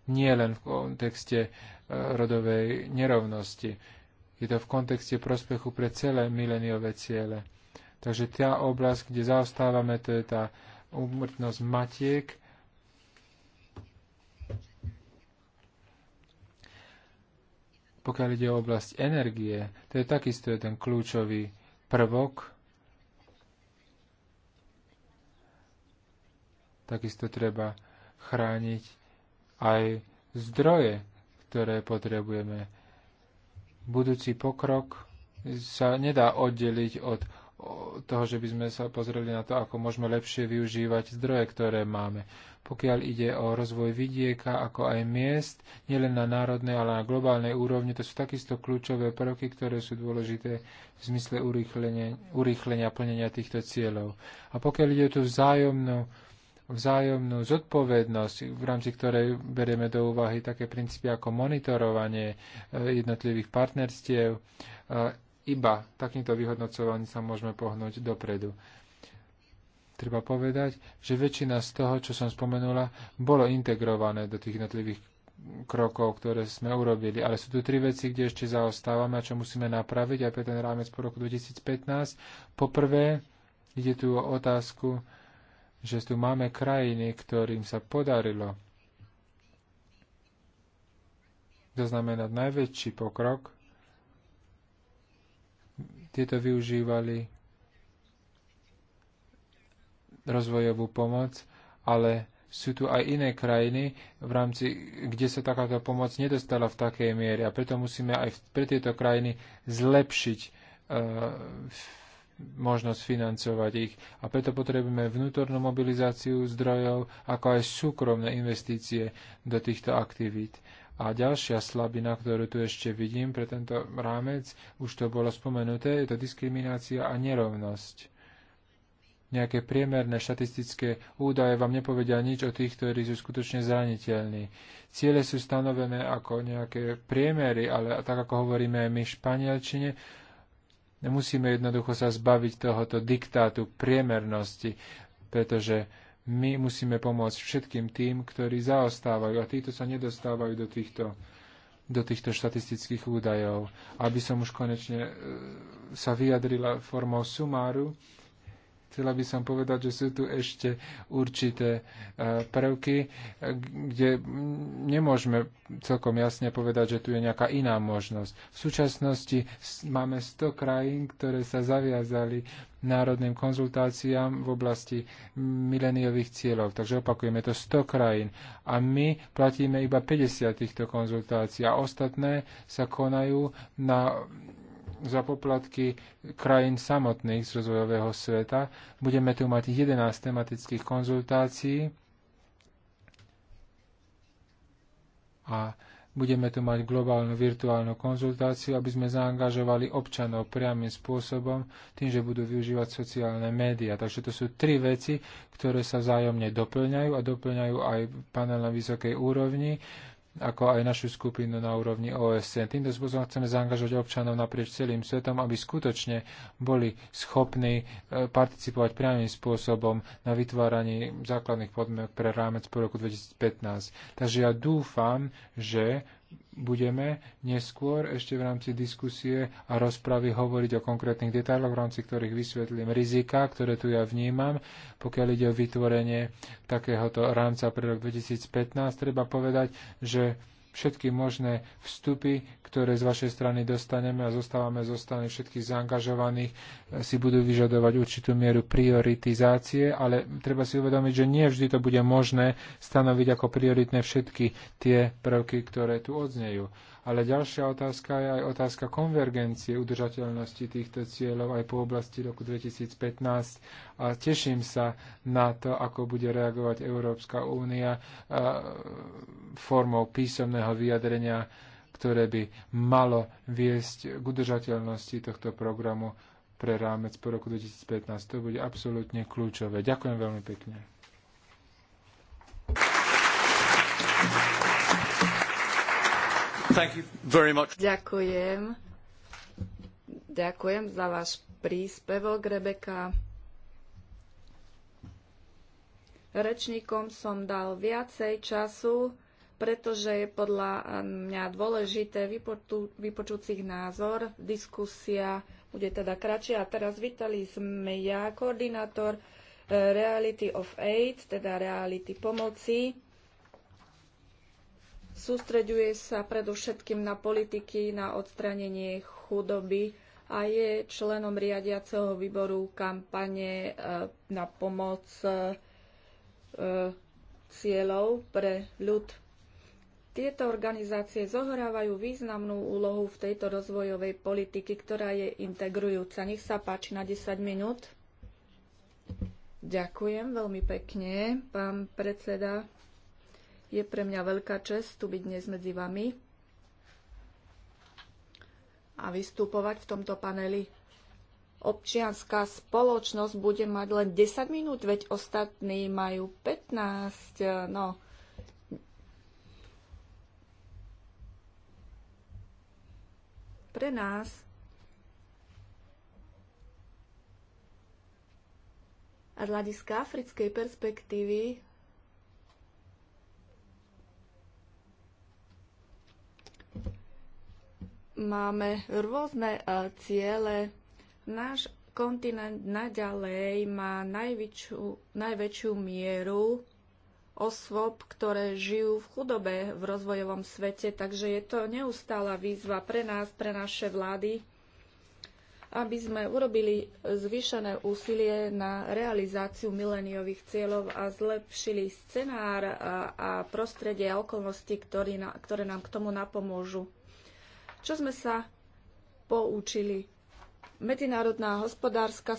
Nie len v kontexte e, rodovej nerovnosti je to v kontexte prospechu pre celé mileniové ciele. Takže tá oblasť, kde zaostávame, to je tá úmrtnosť matiek. Pokiaľ ide o oblasť energie, to je takisto ten kľúčový prvok. Takisto treba chrániť aj zdroje, ktoré potrebujeme budúci pokrok sa nedá oddeliť od toho, že by sme sa pozreli na to, ako môžeme lepšie využívať zdroje, ktoré máme. Pokiaľ ide o rozvoj vidieka, ako aj miest, nielen na národnej, ale na globálnej úrovni, to sú takisto kľúčové prvky, ktoré sú dôležité v zmysle urýchlenia, urýchlenia plnenia týchto cieľov. A pokiaľ ide o tú vzájomnú vzájomnú zodpovednosť, v rámci ktorej berieme do úvahy také princípy ako monitorovanie e, jednotlivých partnerstiev, e, iba takýmto vyhodnocovaním sa môžeme pohnúť dopredu. Treba povedať, že väčšina z toho, čo som spomenula, bolo integrované do tých jednotlivých krokov, ktoré sme urobili. Ale sú tu tri veci, kde ešte zaostávame a čo musíme napraviť aj pre ten rámec po roku 2015. Poprvé, ide tu o otázku že tu máme krajiny, ktorým sa podarilo zaznamenať najväčší pokrok. Tieto využívali rozvojovú pomoc, ale sú tu aj iné krajiny, v rámci, kde sa takáto pomoc nedostala v takej miere. A preto musíme aj pre tieto krajiny zlepšiť uh, možnosť financovať ich. A preto potrebujeme vnútornú mobilizáciu zdrojov, ako aj súkromné investície do týchto aktivít. A ďalšia slabina, ktorú tu ešte vidím pre tento rámec, už to bolo spomenuté, je to diskriminácia a nerovnosť. Nejaké priemerné štatistické údaje vám nepovedia nič o tých, ktorí sú skutočne zraniteľní. Ciele sú stanovené ako nejaké priemery, ale tak ako hovoríme aj my v španielčine, Musíme jednoducho sa zbaviť tohoto diktátu priemernosti, pretože my musíme pomôcť všetkým tým, ktorí zaostávajú a títo sa nedostávajú do týchto, do týchto štatistických údajov. Aby som už konečne e, sa vyjadrila formou sumáru, Chcela by som povedať, že sú tu ešte určité e, prvky, e, kde nemôžeme celkom jasne povedať, že tu je nejaká iná možnosť. V súčasnosti máme 100 krajín, ktoré sa zaviazali národným konzultáciám v oblasti mileniových cieľov. Takže opakujeme to 100 krajín. A my platíme iba 50 týchto konzultácií a ostatné sa konajú na za poplatky krajín samotných z rozvojového sveta. Budeme tu mať 11 tematických konzultácií a budeme tu mať globálnu virtuálnu konzultáciu, aby sme zaangažovali občanov priamým spôsobom, tým, že budú využívať sociálne médiá. Takže to sú tri veci, ktoré sa vzájomne doplňajú a doplňajú aj panel na vysokej úrovni ako aj našu skupinu na úrovni OSN. Týmto spôsobom chceme zaangažovať občanov naprieč celým svetom, aby skutočne boli schopní e, participovať priamým spôsobom na vytváraní základných podmienok pre rámec po roku 2015. Takže ja dúfam, že budeme neskôr ešte v rámci diskusie a rozpravy hovoriť o konkrétnych detailoch, v rámci ktorých vysvetlím rizika, ktoré tu ja vnímam. Pokiaľ ide o vytvorenie takéhoto rámca pre rok 2015, treba povedať, že všetky možné vstupy, ktoré z vašej strany dostaneme a zostávame zo strany všetkých zaangažovaných, e, si budú vyžadovať určitú mieru prioritizácie, ale treba si uvedomiť, že nie vždy to bude možné stanoviť ako prioritné všetky tie prvky, ktoré tu odznejú. Ale ďalšia otázka je aj otázka konvergencie udržateľnosti týchto cieľov aj po oblasti roku 2015 a teším sa na to, ako bude reagovať Európska únia e, formou písomného vyjadrenia, ktoré by malo viesť k udržateľnosti tohto programu pre rámec po roku 2015. To bude absolútne kľúčové. Ďakujem veľmi pekne. Ďakujem. Ďakujem za váš príspevok, Rebeka. Rečníkom som dal viacej času, pretože je podľa mňa dôležité vypoču, názor. Diskusia bude teda kratšia. A teraz vítali sme ja, koordinátor eh, Reality of Aid, teda Reality pomoci Sústreďuje sa predovšetkým na politiky, na odstranenie chudoby a je členom riadiaceho výboru kampane e, na pomoc e, e, cieľov pre ľud. Tieto organizácie zohrávajú významnú úlohu v tejto rozvojovej politiky, ktorá je integrujúca. Nech sa páči na 10 minút. Ďakujem veľmi pekne, pán predseda. Je pre mňa veľká čest tu byť dnes medzi vami a vystupovať v tomto paneli. Občianská spoločnosť bude mať len 10 minút, veď ostatní majú 15. Eh, no, pre nás a z hľadiska africkej perspektívy máme rôzne e, ciele. Náš kontinent naďalej má najväčšiu, najväčšiu mieru osôb, ktoré žijú v chudobe v rozvojovom svete, takže je to neustála výzva pre nás, pre naše vlády, aby sme urobili zvýšené úsilie na realizáciu mileniových cieľov a zlepšili scenár e, a, prostredie a okolnosti, ktoré nám k tomu napomôžu. Čo sme sa poučili? Medzinárodná hospodárska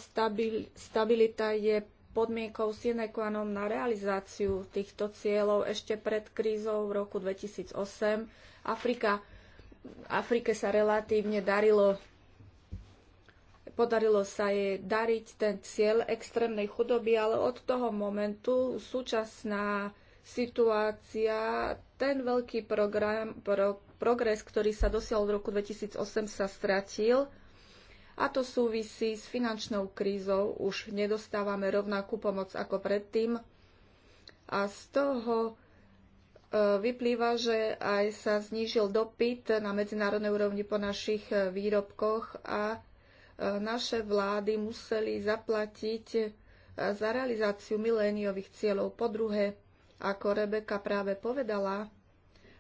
stabilita je podmienkou sine qua non na realizáciu týchto cieľov ešte pred krízou v roku 2008. Afrika, Afrike sa relatívne darilo podarilo sa jej dariť ten cieľ extrémnej chudoby, ale od toho momentu súčasná situácia, ten veľký program, pro, progres, ktorý sa dosiahol v roku 2008, sa stratil a to súvisí s finančnou krízou. Už nedostávame rovnakú pomoc ako predtým a z toho e, vyplýva, že aj sa znížil dopyt na medzinárodnej úrovni po našich e, výrobkoch a e, naše vlády museli zaplatiť za realizáciu miléniových cieľov. Po druhé, ako Rebeka práve povedala,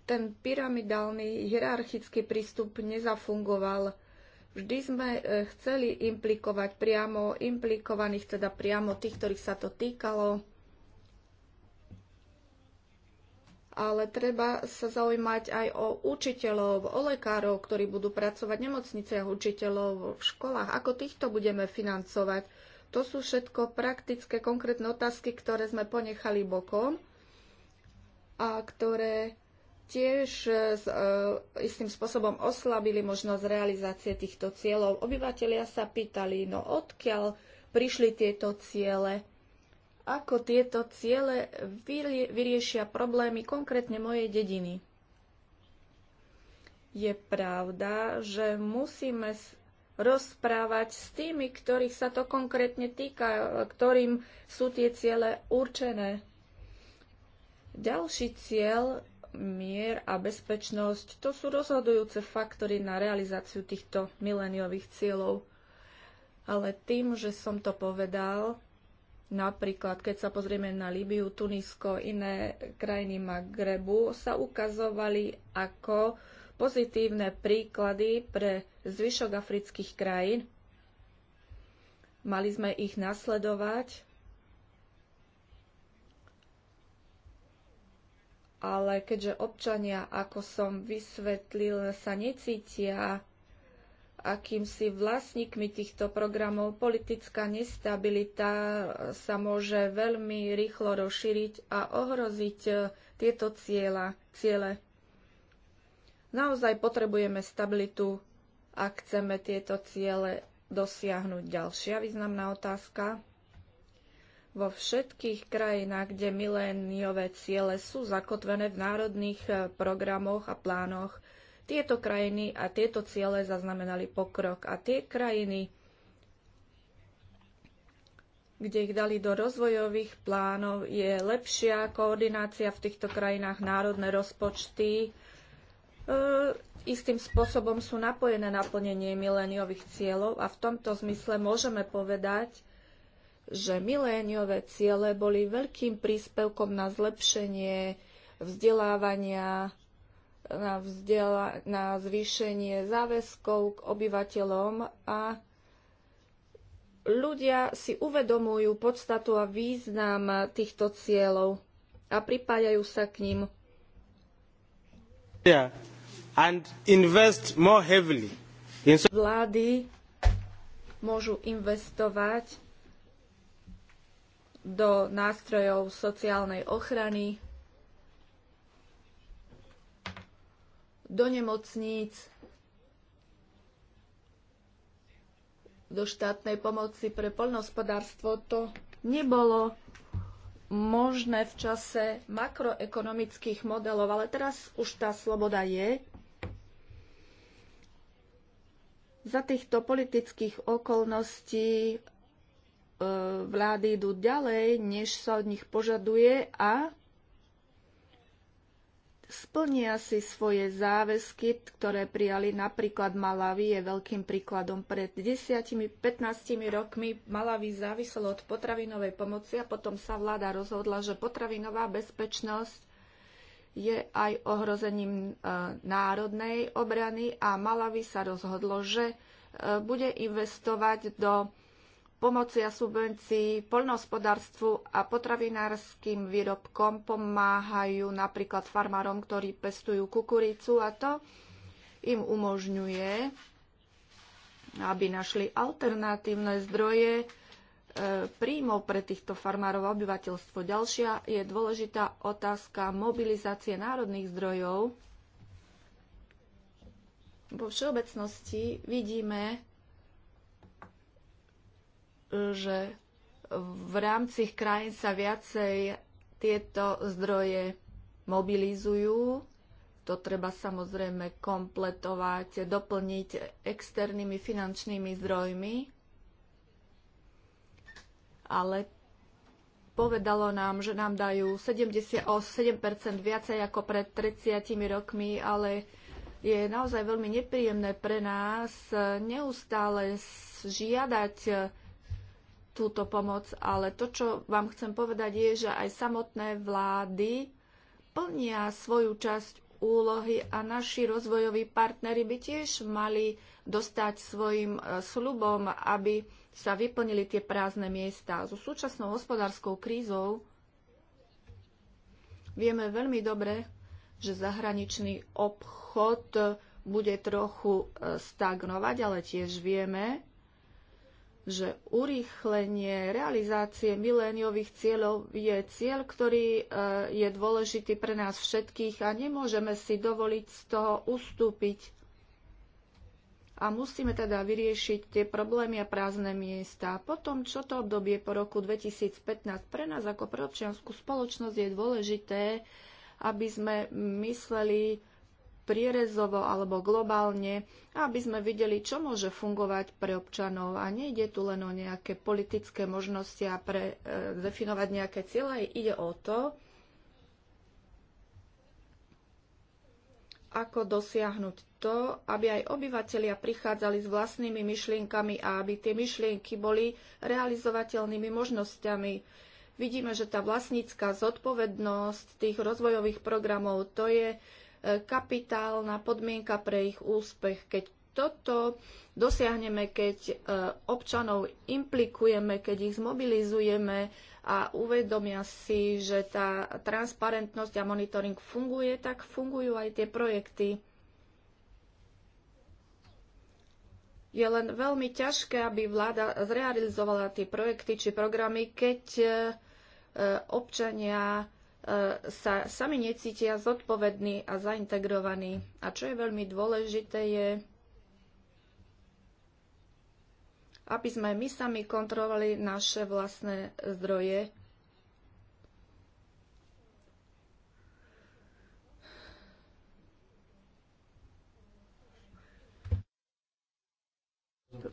ten pyramidálny hierarchický prístup nezafungoval. Vždy sme e, chceli implikovať priamo implikovaných, teda priamo tých, ktorých sa to týkalo. Ale treba sa zaujímať aj o učiteľov, o lekárov, ktorí budú pracovať v nemocniciach, učiteľov v školách. Ako týchto budeme financovať? To sú všetko praktické, konkrétne otázky, ktoré sme ponechali bokom a ktoré tiež e, s e, istým spôsobom oslabili možnosť realizácie týchto cieľov. Obyvatelia sa pýtali, no odkiaľ prišli tieto ciele, ako tieto ciele vyriešia problémy konkrétne mojej dediny. Je pravda, že musíme rozprávať s tými, ktorých sa to konkrétne týka, ktorým sú tie ciele určené. Ďalší cieľ mier a bezpečnosť, to sú rozhodujúce faktory na realizáciu týchto mileniových cieľov. Ale tým, že som to povedal, napríklad keď sa pozrieme na Líbiu, Tunisko, iné krajiny Magrebu, sa ukazovali ako pozitívne príklady pre zvyšok afrických krajín. Mali sme ich nasledovať ale keďže občania, ako som vysvetlil, sa necítia akýmsi vlastníkmi týchto programov, politická nestabilita sa môže veľmi rýchlo rozšíriť a ohroziť e, tieto cieľa, ciele. Naozaj potrebujeme stabilitu, ak chceme tieto ciele dosiahnuť. Ďalšia významná otázka vo všetkých krajinách, kde miléniové ciele sú zakotvené v národných e, programoch a plánoch, tieto krajiny a tieto ciele zaznamenali pokrok. A tie krajiny, kde ich dali do rozvojových plánov, je lepšia koordinácia v týchto krajinách, národné rozpočty. E, istým spôsobom sú napojené naplnenie miléniových mileniových cieľov a v tomto zmysle môžeme povedať, že miléniové ciele boli veľkým príspevkom na zlepšenie vzdelávania, na, vzdela- na zvýšenie záväzkov k obyvateľom a ľudia si uvedomujú podstatu a význam týchto cieľov a pripájajú sa k ním. And invest more heavily. Vlády môžu investovať do nástrojov sociálnej ochrany, do nemocníc, do štátnej pomoci pre poľnohospodárstvo. To nebolo možné v čase makroekonomických modelov, ale teraz už tá sloboda je. Za týchto politických okolností E, vlády idú ďalej, než sa od nich požaduje a splnia si svoje záväzky, ktoré prijali napríklad Malavy, je veľkým príkladom. Pred 10-15 rokmi Malavy záviselo od potravinovej pomoci a potom sa vláda rozhodla, že potravinová bezpečnosť je aj ohrozením e, národnej obrany a Malavy sa rozhodlo, že e, bude investovať do pomoci a subvencií poľnohospodárstvu a potravinárskym výrobkom pomáhajú napríklad farmárom, ktorí pestujú kukuricu a to im umožňuje, aby našli alternatívne zdroje e, príjmov pre týchto farmárov a obyvateľstvo. Ďalšia je dôležitá otázka mobilizácie národných zdrojov. Vo všeobecnosti vidíme, že v rámci krajín sa viacej tieto zdroje mobilizujú. To treba samozrejme kompletovať, doplniť externými finančnými zdrojmi. Ale povedalo nám, že nám dajú 77 viacej ako pred 30 rokmi, ale je naozaj veľmi nepríjemné pre nás neustále žiadať túto pomoc, ale to, čo vám chcem povedať, je, že aj samotné vlády plnia svoju časť úlohy a naši rozvojoví partnery by tiež mali dostať svojim e, slubom, aby sa vyplnili tie prázdne miesta. So súčasnou hospodárskou krízou vieme veľmi dobre, že zahraničný obchod bude trochu e, stagnovať, ale tiež vieme, že urýchlenie realizácie miléniových cieľov je cieľ, ktorý e, je dôležitý pre nás všetkých a nemôžeme si dovoliť z toho ustúpiť. A musíme teda vyriešiť tie problémy a prázdne miesta. Potom, čo to obdobie po roku 2015 pre nás ako pre občianskú spoločnosť je dôležité, aby sme mysleli prierezovo alebo globálne, aby sme videli, čo môže fungovať pre občanov. A nejde tu len o nejaké politické možnosti a pre, e, definovať nejaké cieľe. ide o to, ako dosiahnuť to, aby aj obyvateľia prichádzali s vlastnými myšlienkami a aby tie myšlienky boli realizovateľnými možnosťami. Vidíme, že tá vlastnícká zodpovednosť tých rozvojových programov to je kapitálna podmienka pre ich úspech. Keď toto dosiahneme, keď e, občanov implikujeme, keď ich zmobilizujeme a uvedomia si, že tá transparentnosť a monitoring funguje, tak fungujú aj tie projekty. Je len veľmi ťažké, aby vláda zrealizovala tie projekty či programy, keď e, e, občania sa sami necítia zodpovední a zaintegrovaní. A čo je veľmi dôležité je, aby sme my sami kontrolovali naše vlastné zdroje.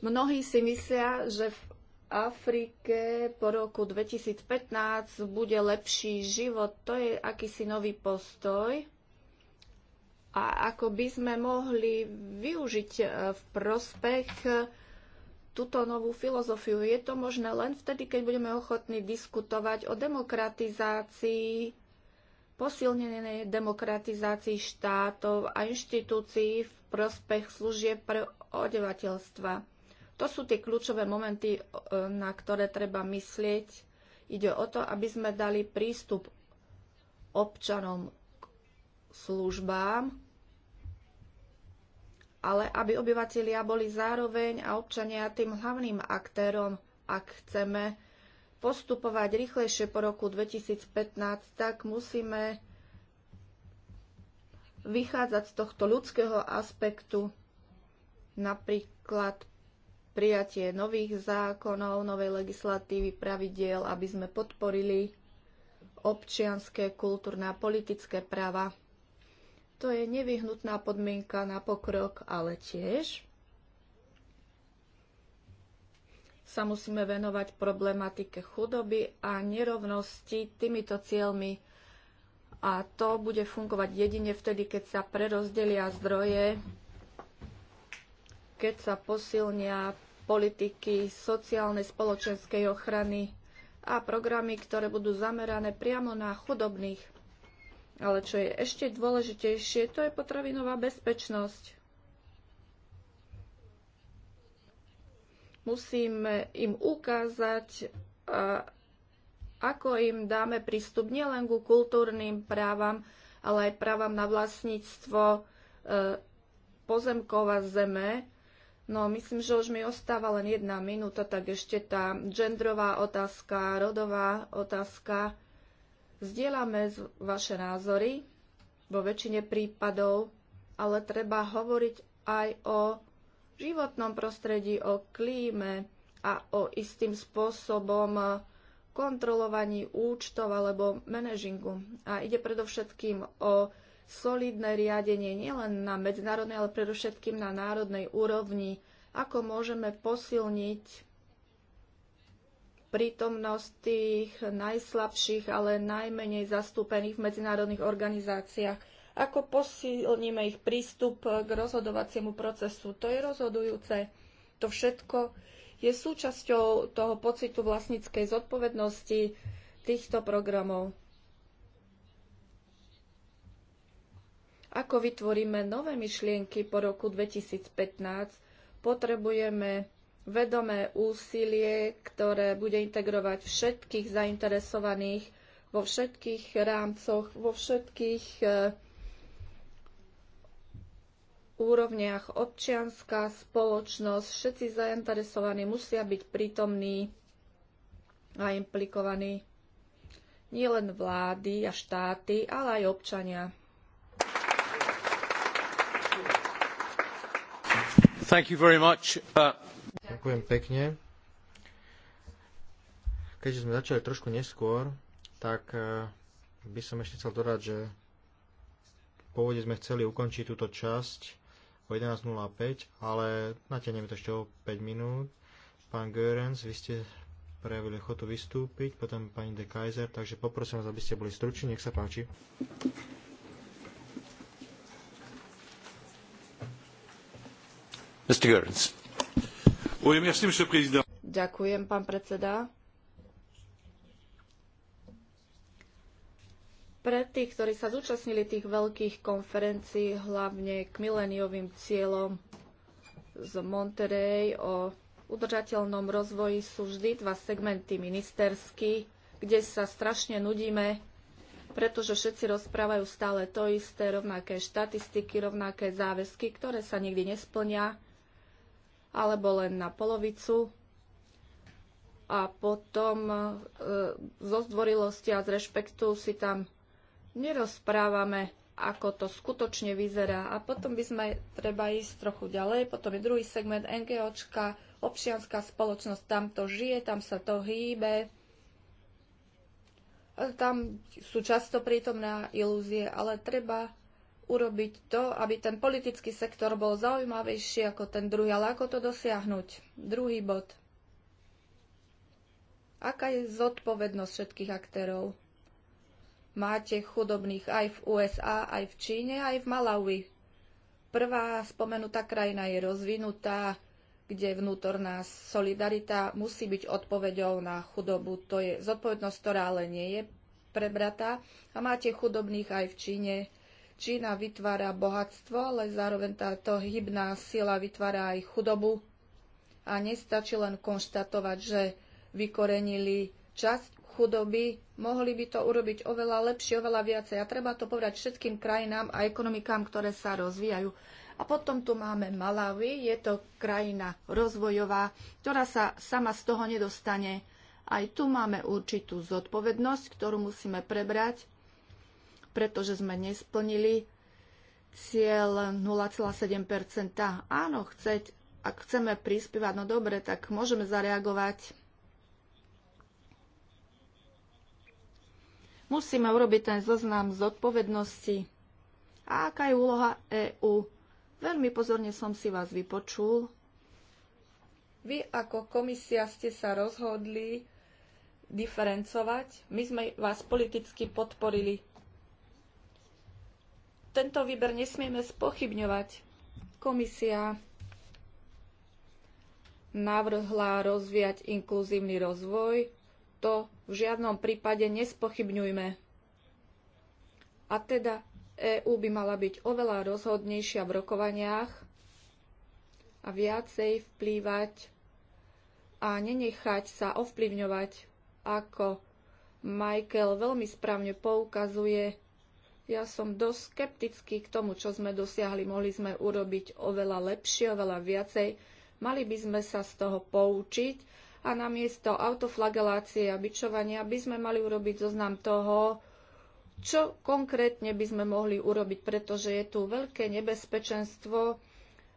Mnohí si myslia, že v Afrike po roku 2015 bude lepší život. To je akýsi nový postoj. A ako by sme mohli využiť e, v prospech e, túto novú filozofiu. Je to možné len vtedy, keď budeme ochotní diskutovať o demokratizácii, posilnenej demokratizácii štátov a inštitúcií v prospech služieb pre obyvateľstva. To sú tie kľúčové momenty, e, na ktoré treba myslieť. Ide o to, aby sme dali prístup občanom k službám, ale aby obyvatelia boli zároveň a občania tým hlavným aktérom, ak chceme postupovať rýchlejšie po roku 2015, tak musíme vychádzať z tohto ľudského aspektu napríklad prijatie nových zákonov, novej legislatívy, pravidiel, aby sme podporili občianské, kultúrne a politické práva. To je nevyhnutná podmienka na pokrok, ale tiež sa musíme venovať problematike chudoby a nerovnosti týmito cieľmi. A to bude fungovať jedine vtedy, keď sa prerozdelia zdroje keď sa posilnia politiky sociálnej spoločenskej ochrany a programy, ktoré budú zamerané priamo na chudobných. Ale čo je ešte dôležitejšie, to je potravinová bezpečnosť. Musíme im ukázať, ako im dáme prístup nielen ku kultúrnym právam, ale aj právam na vlastníctvo e, pozemkov a zeme, No, myslím, že už mi ostáva len jedna minúta, tak ešte tá genderová otázka, rodová otázka. Zdieľame vaše názory vo väčšine prípadov, ale treba hovoriť aj o životnom prostredí, o klíme a o istým spôsobom kontrolovaní účtov alebo manažingu. A ide predovšetkým o solidné riadenie nielen na medzinárodnej, ale predovšetkým na národnej úrovni, ako môžeme posilniť prítomnosť tých najslabších, ale najmenej zastúpených v medzinárodných organizáciách. Ako posilníme ich prístup k rozhodovaciemu procesu. To je rozhodujúce. To všetko je súčasťou toho pocitu vlastníckej zodpovednosti týchto programov. Ako vytvoríme nové myšlienky po roku 2015, potrebujeme vedomé úsilie, ktoré bude integrovať všetkých zainteresovaných vo všetkých rámcoch, vo všetkých e, úrovniach občianská spoločnosť, všetci zainteresovaní musia byť prítomní a implikovaní. Nielen vlády a štáty, ale aj občania. Uh, Ďakujem pekne. Keďže sme začali trošku neskôr, tak eh, by som ešte chcel dodať, že v pôvode sme chceli ukončiť túto časť o 11.05, ale natiahneme to ešte o 5 minút. Pán Görens, vy ste prejavili ochotu vystúpiť, potom pani de Kaiser, takže poprosím vás, aby ste boli struční, nech sa páči. Ďakujem, predseda. Pre tých, ktorí sa zúčastnili tých veľkých konferencií, hlavne k mileniovým cieľom z Monterey o udržateľnom rozvoji sú vždy dva segmenty ministersky, kde sa strašne nudíme, pretože všetci rozprávajú stále to isté, rovnaké štatistiky, rovnaké záväzky, ktoré sa nikdy nesplnia alebo len na polovicu a potom e, zo zdvorilosti a z rešpektu si tam nerozprávame, ako to skutočne vyzerá. A potom by sme treba ísť trochu ďalej. Potom je druhý segment NGOčka, občianská spoločnosť, tam to žije, tam sa to hýbe. E, tam sú často prítomné ilúzie, ale treba urobiť to, aby ten politický sektor bol zaujímavejší ako ten druhý, ale ako to dosiahnuť? Druhý bod. Aká je zodpovednosť všetkých aktérov? Máte chudobných aj v USA, aj v Číne, aj v Malawi. Prvá spomenutá krajina je rozvinutá, kde vnútorná solidarita musí byť odpoveďou na chudobu. To je zodpovednosť, ktorá ale nie je prebratá. A máte chudobných aj v Číne, Čína vytvára bohatstvo, ale zároveň táto hybná sila vytvára aj chudobu. A nestačí len konštatovať, že vykorenili časť chudoby, mohli by to urobiť oveľa lepšie, oveľa viacej. A treba to povedať všetkým krajinám a ekonomikám, ktoré sa rozvíjajú. A potom tu máme Malawi, je to krajina rozvojová, ktorá sa sama z toho nedostane. Aj tu máme určitú zodpovednosť, ktorú musíme prebrať pretože sme nesplnili cieľ 0,7 Áno, chceť, ak chceme prispievať, no dobre, tak môžeme zareagovať. Musíme urobiť ten zoznam zodpovednosti. A aká je úloha EÚ? Veľmi pozorne som si vás vypočul. Vy ako komisia ste sa rozhodli diferencovať. My sme vás politicky podporili tento výber nesmieme spochybňovať. Komisia navrhla rozvíjať inkluzívny rozvoj. To v žiadnom prípade nespochybňujme. A teda EÚ by mala byť oveľa rozhodnejšia v rokovaniach a viacej vplývať a nenechať sa ovplyvňovať, ako Michael veľmi správne poukazuje ja som dosť skeptický k tomu, čo sme dosiahli. Mohli sme urobiť oveľa lepšie, oveľa viacej. Mali by sme sa z toho poučiť a namiesto autoflagelácie a bičovania by sme mali urobiť zoznam toho, čo konkrétne by sme mohli urobiť, pretože je tu veľké nebezpečenstvo,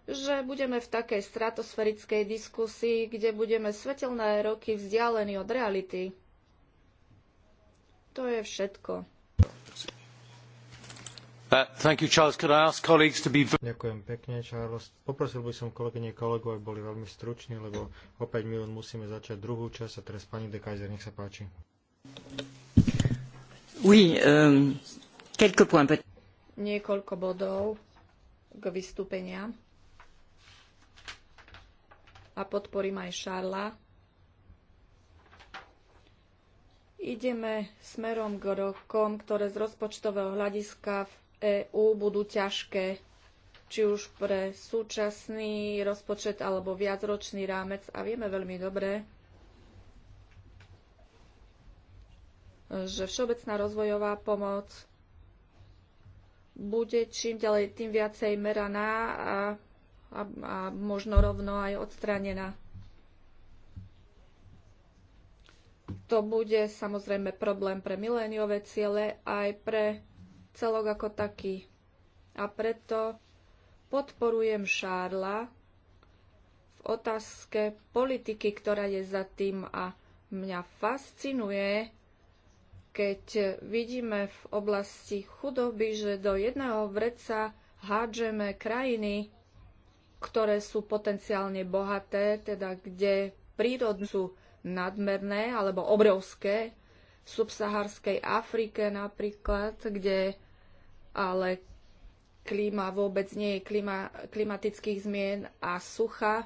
že budeme v takej stratosferickej diskusii, kde budeme svetelné roky vzdialení od reality. To je všetko. Uh, Ďakujem pekne, Charles. Poprosil by som kolegyne kolegov, aby boli veľmi struční, lebo o my minút musíme začať druhú časť a teraz pani de Kaiser, nech sa páči. Oui, um, Niekoľko bodov k vystúpeniam. A podporím aj Šarla. Ideme smerom k rokom, ktoré z rozpočtového hľadiska v EÚ budú ťažké, či už pre súčasný rozpočet alebo viacročný rámec. A vieme veľmi dobre, že všeobecná rozvojová pomoc bude čím ďalej tým viacej meraná a, a, a možno rovno aj odstranená. To bude samozrejme problém pre miléniové ciele aj pre celok ako taký. A preto podporujem Šárla v otázke politiky, ktorá je za tým a mňa fascinuje, keď vidíme v oblasti chudoby, že do jedného vreca hádžeme krajiny, ktoré sú potenciálne bohaté, teda kde prírodne sú nadmerné alebo obrovské v subsaharskej Afrike napríklad, kde ale klíma vôbec nie je klima, klimatických zmien a sucha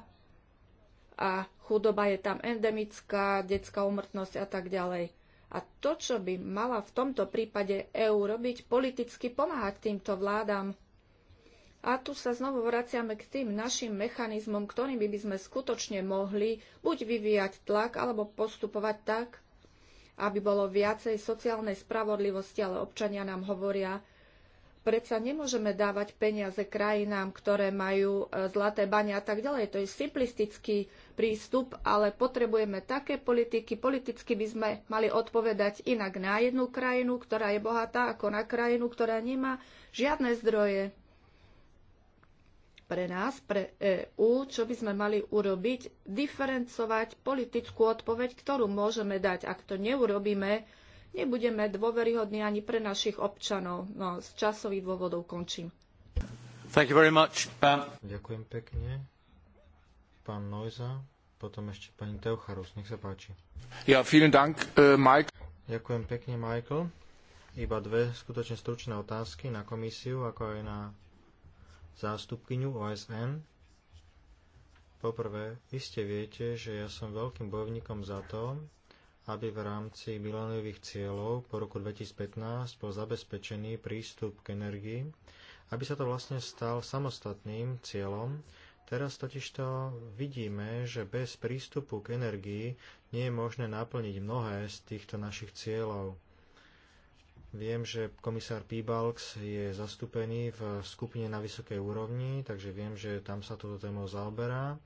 a chudoba je tam endemická, detská umrtnosť a tak ďalej. A to, čo by mala v tomto prípade EÚ robiť, politicky pomáhať týmto vládam. A tu sa znovu vraciame k tým našim mechanizmom, ktorými by sme skutočne mohli buď vyvíjať tlak, alebo postupovať tak, aby bolo viacej sociálnej spravodlivosti, ale občania nám hovoria, predsa nemôžeme dávať peniaze krajinám, ktoré majú e, zlaté bane a tak ďalej. To je simplistický prístup, ale potrebujeme také politiky. Politicky by sme mali odpovedať inak na jednu krajinu, ktorá je bohatá, ako na krajinu, ktorá nemá žiadne zdroje pre nás, pre EÚ, čo by sme mali urobiť, diferencovať politickú odpoveď, ktorú môžeme dať. Ak to neurobíme, nebudeme dôveryhodní ani pre našich občanov. No, z časových dôvodov končím. Thank you very much, pán. Ďakujem pekne. Pán Nojza, potom ešte pani Teucharus, nech sa páči. Ja, vielen Dank, uh, Mike. Ďakujem pekne, Michael. Iba dve skutočne stručné otázky na komisiu, ako aj na zástupkyňu OSN. Poprvé, iste viete, že ja som veľkým bojovníkom za to, aby v rámci miléniových cieľov po roku 2015 bol zabezpečený prístup k energii, aby sa to vlastne stal samostatným cieľom. Teraz totižto vidíme, že bez prístupu k energii nie je možné naplniť mnohé z týchto našich cieľov. Viem, že komisár Pibalks je zastúpený v skupine na vysokej úrovni, takže viem, že tam sa toto tému zaoberá.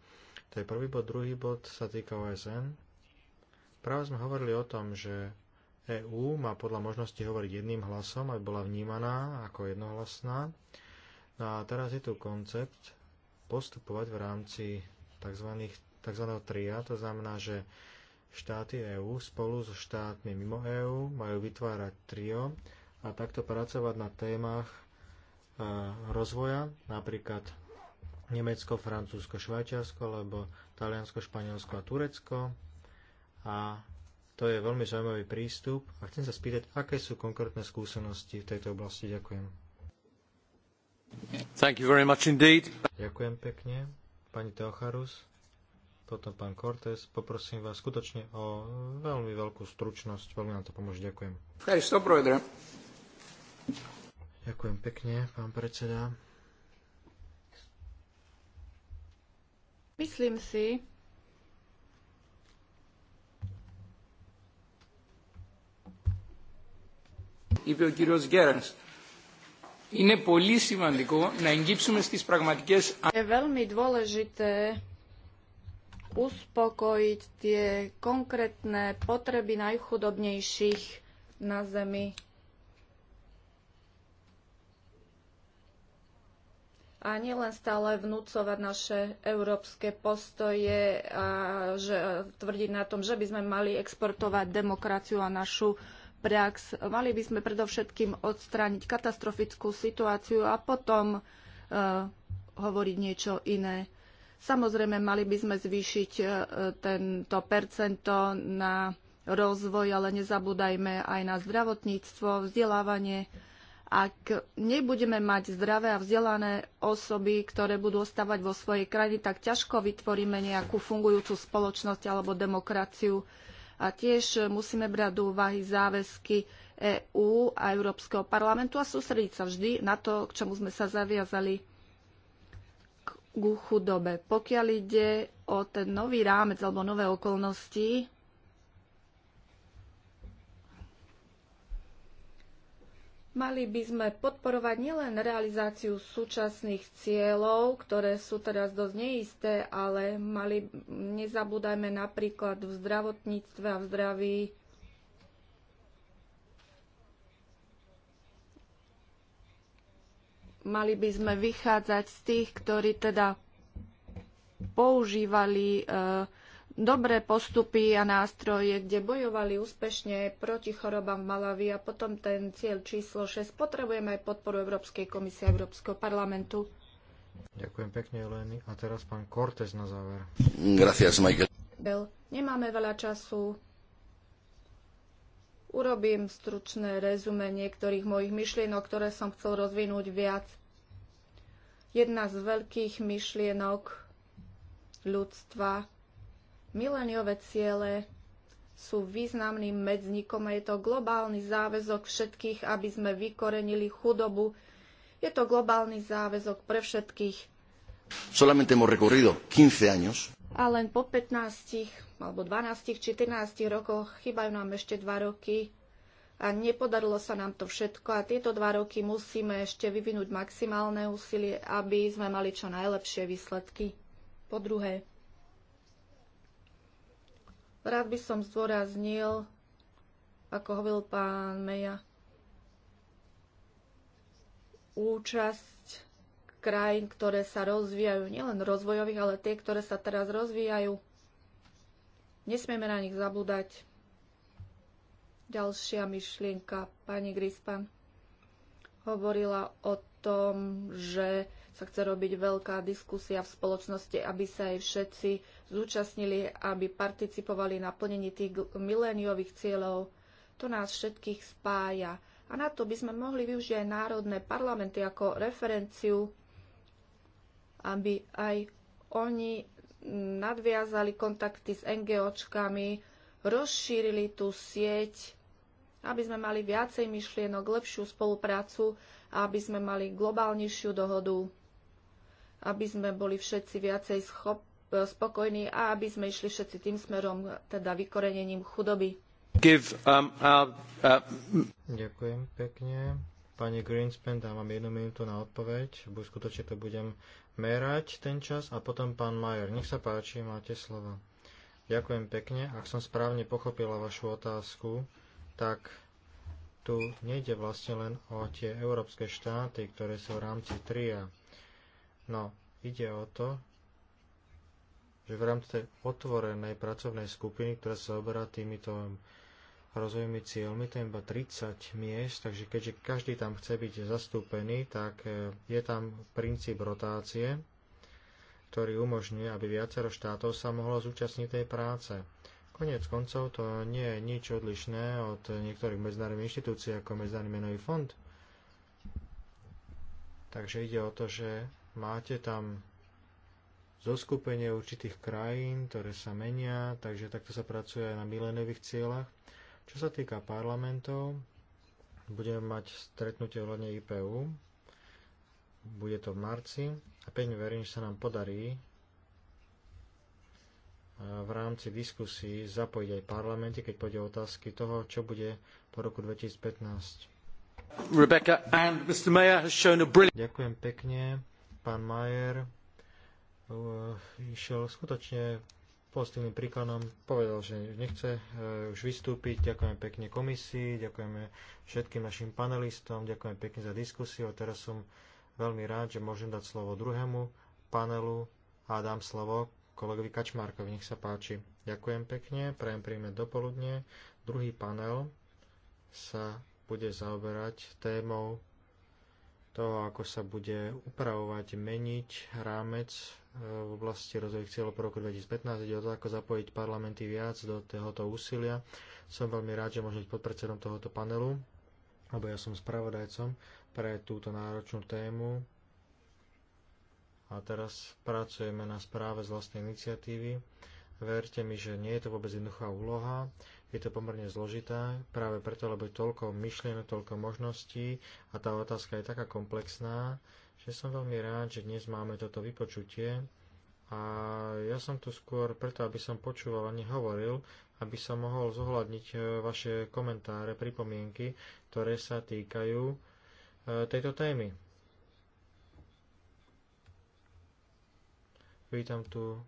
To je prvý bod. Druhý bod sa týka OSN. Práve sme hovorili o tom, že EÚ má podľa možnosti hovoriť jedným hlasom, aby bola vnímaná ako jednohlasná. No a teraz je tu koncept postupovať v rámci tzv. tzv. tria, to znamená, že Štáty EÚ spolu so štátmi mimo EÚ majú vytvárať trio a takto pracovať na témach e, rozvoja, napríklad Nemecko, Francúzsko, Švajčiarsko, alebo Taliansko, Španielsko a Turecko. A to je veľmi zaujímavý prístup a chcem sa spýtať, aké sú konkrétne skúsenosti v tejto oblasti. Ďakujem. Thank you very much indeed. Ďakujem pekne. Pani Teocharus potom pán Cortés. Poprosím vás skutočne o veľmi veľkú stručnosť, veľmi nám to pomôže. Ďakujem. Hey, stop, Ďakujem pekne, pán predseda. Myslím si, είπε ο κύριος Γκέρανς. Είναι πολύ σημαντικό να εγγύψουμε στις πραγματικές... Je veľmi dôležité uspokojiť tie konkrétne potreby najchudobnejších na Zemi. A nielen stále vnúcovať naše európske postoje a že, tvrdiť na tom, že by sme mali exportovať demokraciu a našu prax. Mali by sme predovšetkým odstrániť katastrofickú situáciu a potom uh, hovoriť niečo iné. Samozrejme, mali by sme zvýšiť e, tento percento na rozvoj, ale nezabúdajme aj na zdravotníctvo, vzdelávanie. Ak nebudeme mať zdravé a vzdelané osoby, ktoré budú ostávať vo svojej krajine, tak ťažko vytvoríme nejakú fungujúcu spoločnosť alebo demokraciu. A tiež musíme brať do úvahy záväzky EÚ a Európskeho parlamentu a sústrediť sa vždy na to, k čomu sme sa zaviazali ku chudobe. Pokiaľ ide o ten nový rámec alebo nové okolnosti, Mali by sme podporovať nielen realizáciu súčasných cieľov, ktoré sú teraz dosť neisté, ale mali, nezabúdajme napríklad v zdravotníctve a v zdraví mali by sme vychádzať z tých, ktorí teda používali e, dobré postupy a nástroje, kde bojovali úspešne proti chorobám v Malavi a potom ten cieľ číslo 6. Potrebujeme aj podporu Európskej komisie a Európskeho parlamentu. Ďakujem pekne, Eleny. A teraz pán Cortez na záver. Gracias, Michael. Nemáme veľa času. Urobím stručné rezume niektorých mojich myšlienok, ktoré som chcel rozvinúť viac. Jedna z veľkých myšlienok ľudstva, mileniové ciele sú významným medzníkom a je to globálny záväzok všetkých, aby sme vykorenili chudobu. Je to globálny záväzok pre všetkých. Solamente hemos recorrido 15 años. A len po 15 alebo 12, 14 rokoch, chýbajú nám ešte 2 roky a nepodarilo sa nám to všetko a tieto 2 roky musíme ešte vyvinúť maximálne úsilie, aby sme mali čo najlepšie výsledky. Po druhé, rád by som zdôraznil, ako hovoril pán Meja, účasť krajín, ktoré sa rozvíjajú, nielen rozvojových, ale tie, ktoré sa teraz rozvíjajú. Nesmieme na nich zabúdať. Ďalšia myšlienka pani Grispan hovorila o tom, že sa chce robiť veľká diskusia v spoločnosti, aby sa aj všetci zúčastnili, aby participovali na plnení tých miléniových cieľov. To nás všetkých spája. A na to by sme mohli využiť aj národné parlamenty ako referenciu, aby aj oni nadviazali kontakty s NGOčkami, rozšírili tú sieť, aby sme mali viacej myšlienok, lepšiu spoluprácu a aby sme mali globálnejšiu dohodu, aby sme boli všetci viacej schop- spokojní a aby sme išli všetci tým smerom, teda vykorenením chudoby. Give, um, our, uh... Ďakujem pekne. Pani Greenspan, dám jednu minútu na odpoveď, buď skutočne to budem merať ten čas a potom pán Majer. Nech sa páči, máte slovo. Ďakujem pekne. Ak som správne pochopila vašu otázku, tak tu nejde vlastne len o tie európske štáty, ktoré sú v rámci TRIA. No, ide o to, že v rámci tej otvorenej pracovnej skupiny, ktorá sa oberá týmito rozvojovými cieľmi, to je iba 30 miest, takže keďže každý tam chce byť zastúpený, tak e, je tam princíp rotácie, ktorý umožňuje, aby viacero štátov sa mohlo zúčastniť tej práce. Konec koncov to nie je nič odlišné od niektorých medzinárodných inštitúcií ako Medzinárodný menový fond. Takže ide o to, že máte tam zoskupenie určitých krajín, ktoré sa menia, takže takto sa pracuje aj na milenových cieľach. Čo sa týka parlamentov, budeme mať stretnutie ohľadne IPU. Bude to v marci a pevne verím, že sa nám podarí e, v rámci diskusí zapojiť aj parlamenty, keď pôjde o otázky toho, čo bude po roku 2015. Rebecca and Mr. Mayer has shown a brilliant... Ďakujem pekne. Pán Mayer e, išiel skutočne pozitívnym príkladom povedal, že nechce e, už vystúpiť. Ďakujem pekne komisii, ďakujeme všetkým našim panelistom, ďakujem pekne za diskusiu. Teraz som veľmi rád, že môžem dať slovo druhému panelu a dám slovo kolegovi Kačmárkovi. Nech sa páči. Ďakujem pekne, prajem príjme dopoludne. Druhý panel sa bude zaoberať témou toho, ako sa bude upravovať, meniť rámec e, v oblasti rozvojových cieľov po roku 2015. Ide o to, ako zapojiť parlamenty viac do tohoto úsilia. Som veľmi rád, že môžem byť podpredsedom tohoto panelu, lebo ja som spravodajcom pre túto náročnú tému. A teraz pracujeme na správe z vlastnej iniciatívy. Verte mi, že nie je to vôbec jednoduchá úloha je to pomerne zložité, práve preto, lebo je toľko myšlienok, toľko možností a tá otázka je taká komplexná, že som veľmi rád, že dnes máme toto vypočutie a ja som tu skôr preto, aby som počúval a nehovoril, aby som mohol zohľadniť e, vaše komentáre, pripomienky, ktoré sa týkajú e, tejto témy. Vítam tu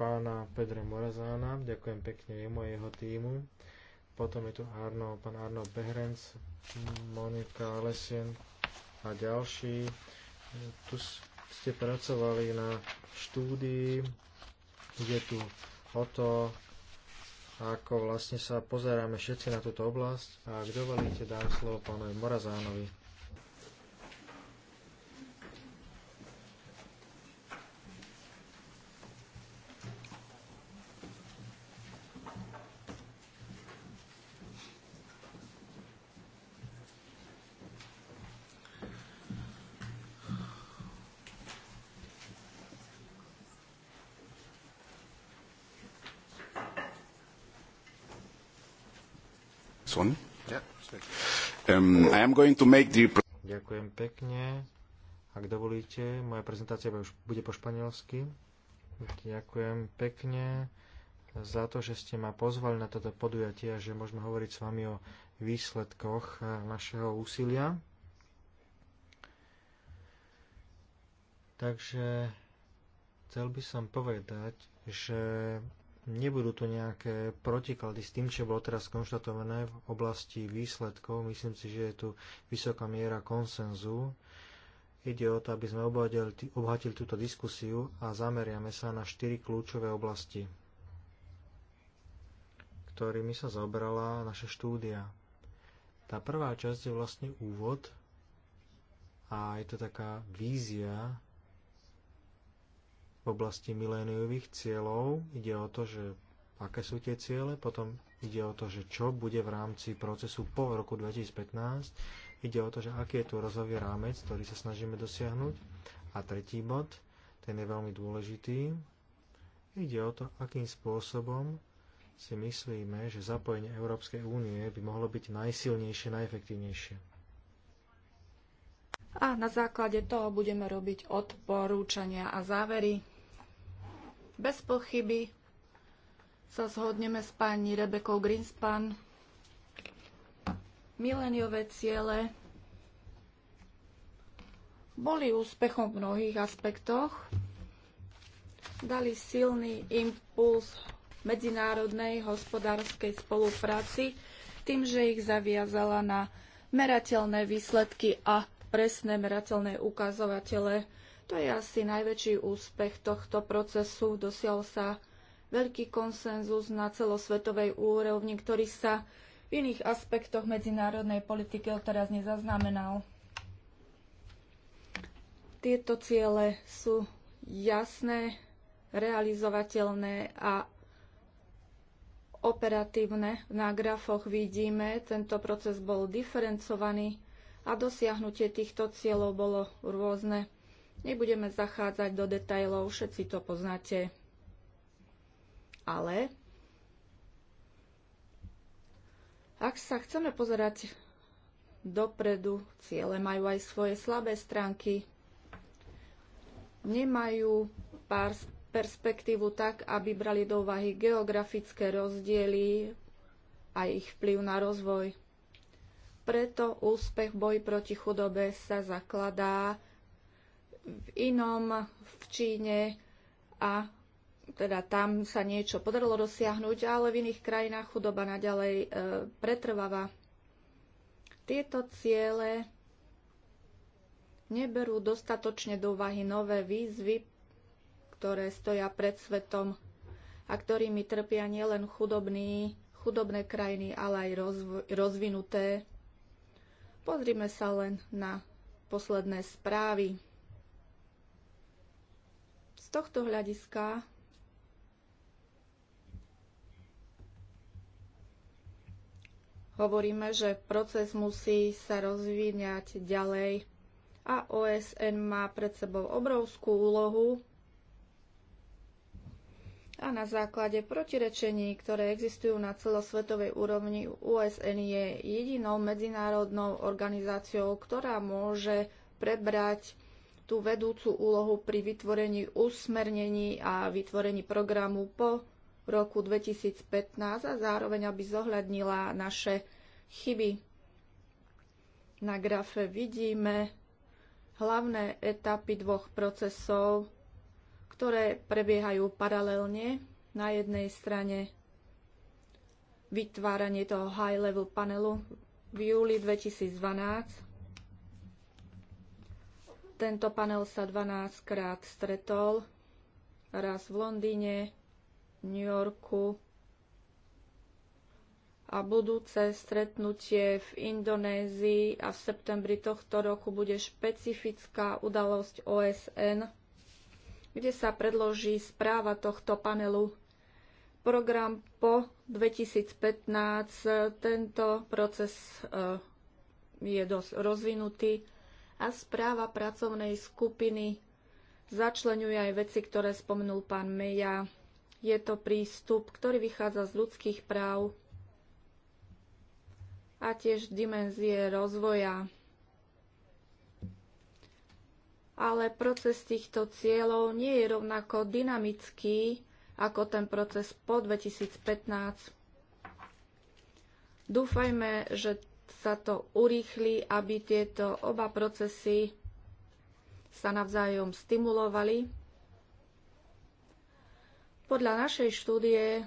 pána Pedra Morazána, ďakujem pekne jemu a jeho týmu. Potom je tu Arno, pán Arno Behrenc, Monika Lesien a ďalší. Tu ste pracovali na štúdii, kde tu o to, ako vlastne sa pozeráme všetci na túto oblasť a kdo dovolíte, dám slovo pánovi Morazánovi. The... Ďakujem pekne. Ak dovolíte, moja prezentácia bude po španielsky. Ďakujem pekne za to, že ste ma pozvali na toto podujatie a že môžeme hovoriť s vami o výsledkoch e, našeho úsilia. Takže chcel by som povedať, že Nebudú tu nejaké protiklady s tým, čo bolo teraz konštatované v oblasti výsledkov. Myslím si, že je tu vysoká miera konsenzu. Ide o to, aby sme obhatili túto diskusiu a zameriame sa na štyri kľúčové oblasti, ktorými sa zaoberala naša štúdia. Tá prvá časť je vlastne úvod a je to taká vízia v oblasti miléniových cieľov. Ide o to, že aké sú tie ciele, potom ide o to, že čo bude v rámci procesu po roku 2015, ide o to, že aký je tu rozhový rámec, ktorý sa snažíme dosiahnuť. A tretí bod, ten je veľmi dôležitý, ide o to, akým spôsobom si myslíme, že zapojenie Európskej únie by mohlo byť najsilnejšie, najefektívnejšie. A na základe toho budeme robiť odporúčania a závery bez pochyby sa zhodneme s pani Rebekou Greenspan. Mileniové ciele boli úspechom v mnohých aspektoch. Dali silný impuls medzinárodnej hospodárskej spolupráci tým, že ich zaviazala na merateľné výsledky a presné merateľné ukazovatele to je asi najväčší úspech tohto procesu. Dosial sa veľký konsenzus na celosvetovej úrovni, ktorý sa v iných aspektoch medzinárodnej politiky teraz nezaznamenal. Tieto ciele sú jasné, realizovateľné a operatívne. Na grafoch vidíme, tento proces bol diferencovaný a dosiahnutie týchto cieľov bolo rôzne. Nebudeme zachádzať do detajlov, všetci to poznáte. Ale ak sa chceme pozerať dopredu, ciele majú aj svoje slabé stránky. Nemajú pár perspektívu tak, aby brali do úvahy geografické rozdiely a ich vplyv na rozvoj. Preto úspech boj proti chudobe sa zakladá v inom v Číne a teda tam sa niečo podarilo dosiahnuť, ale v iných krajinách chudoba naďalej e, pretrváva. Tieto ciele neberú dostatočne do úvahy nové výzvy, ktoré stoja pred svetom a ktorými trpia nielen chudobní, chudobné krajiny, ale aj rozv- rozvinuté. Pozrime sa len na posledné správy tohto hľadiska hovoríme, že proces musí sa rozvíňať ďalej a OSN má pred sebou obrovskú úlohu a na základe protirečení, ktoré existujú na celosvetovej úrovni, OSN je jedinou medzinárodnou organizáciou, ktorá môže prebrať tú vedúcu úlohu pri vytvorení usmernení a vytvorení programu po roku 2015 a zároveň, aby zohľadnila naše chyby. Na grafe vidíme hlavné etapy dvoch procesov, ktoré prebiehajú paralelne. Na jednej strane vytváranie toho high-level panelu v júli 2012 tento panel sa 12 krát stretol, raz v Londýne, New Yorku a budúce stretnutie v Indonézii a v septembri tohto roku bude špecifická udalosť OSN, kde sa predloží správa tohto panelu. Program po 2015 tento proces eh, je dosť rozvinutý a správa pracovnej skupiny začlenuje aj veci, ktoré spomenul pán Meja. Je to prístup, ktorý vychádza z ľudských práv a tiež dimenzie rozvoja. Ale proces týchto cieľov nie je rovnako dynamický ako ten proces po 2015. Dúfajme, že sa to urýchli, aby tieto oba procesy sa navzájom stimulovali. Podľa našej štúdie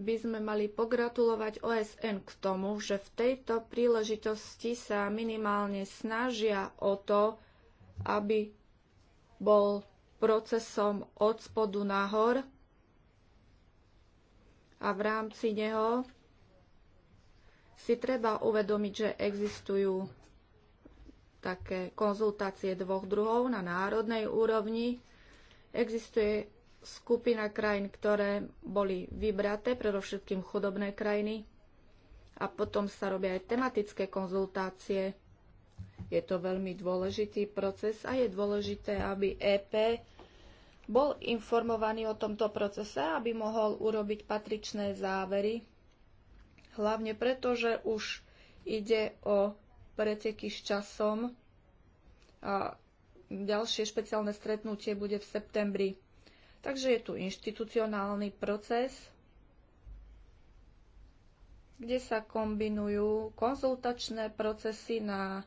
by sme mali pogratulovať OSN k tomu, že v tejto príležitosti sa minimálne snažia o to, aby bol procesom od spodu nahor a v rámci neho si treba uvedomiť, že existujú také konzultácie dvoch druhov na národnej úrovni. Existuje skupina krajín, ktoré boli vybraté, predovšetkým chudobné krajiny. A potom sa robia aj tematické konzultácie. Je to veľmi dôležitý proces a je dôležité, aby EP bol informovaný o tomto procese, aby mohol urobiť patričné závery hlavne preto, že už ide o preteky s časom a ďalšie špeciálne stretnutie bude v septembri. Takže je tu inštitucionálny proces, kde sa kombinujú konzultačné procesy na,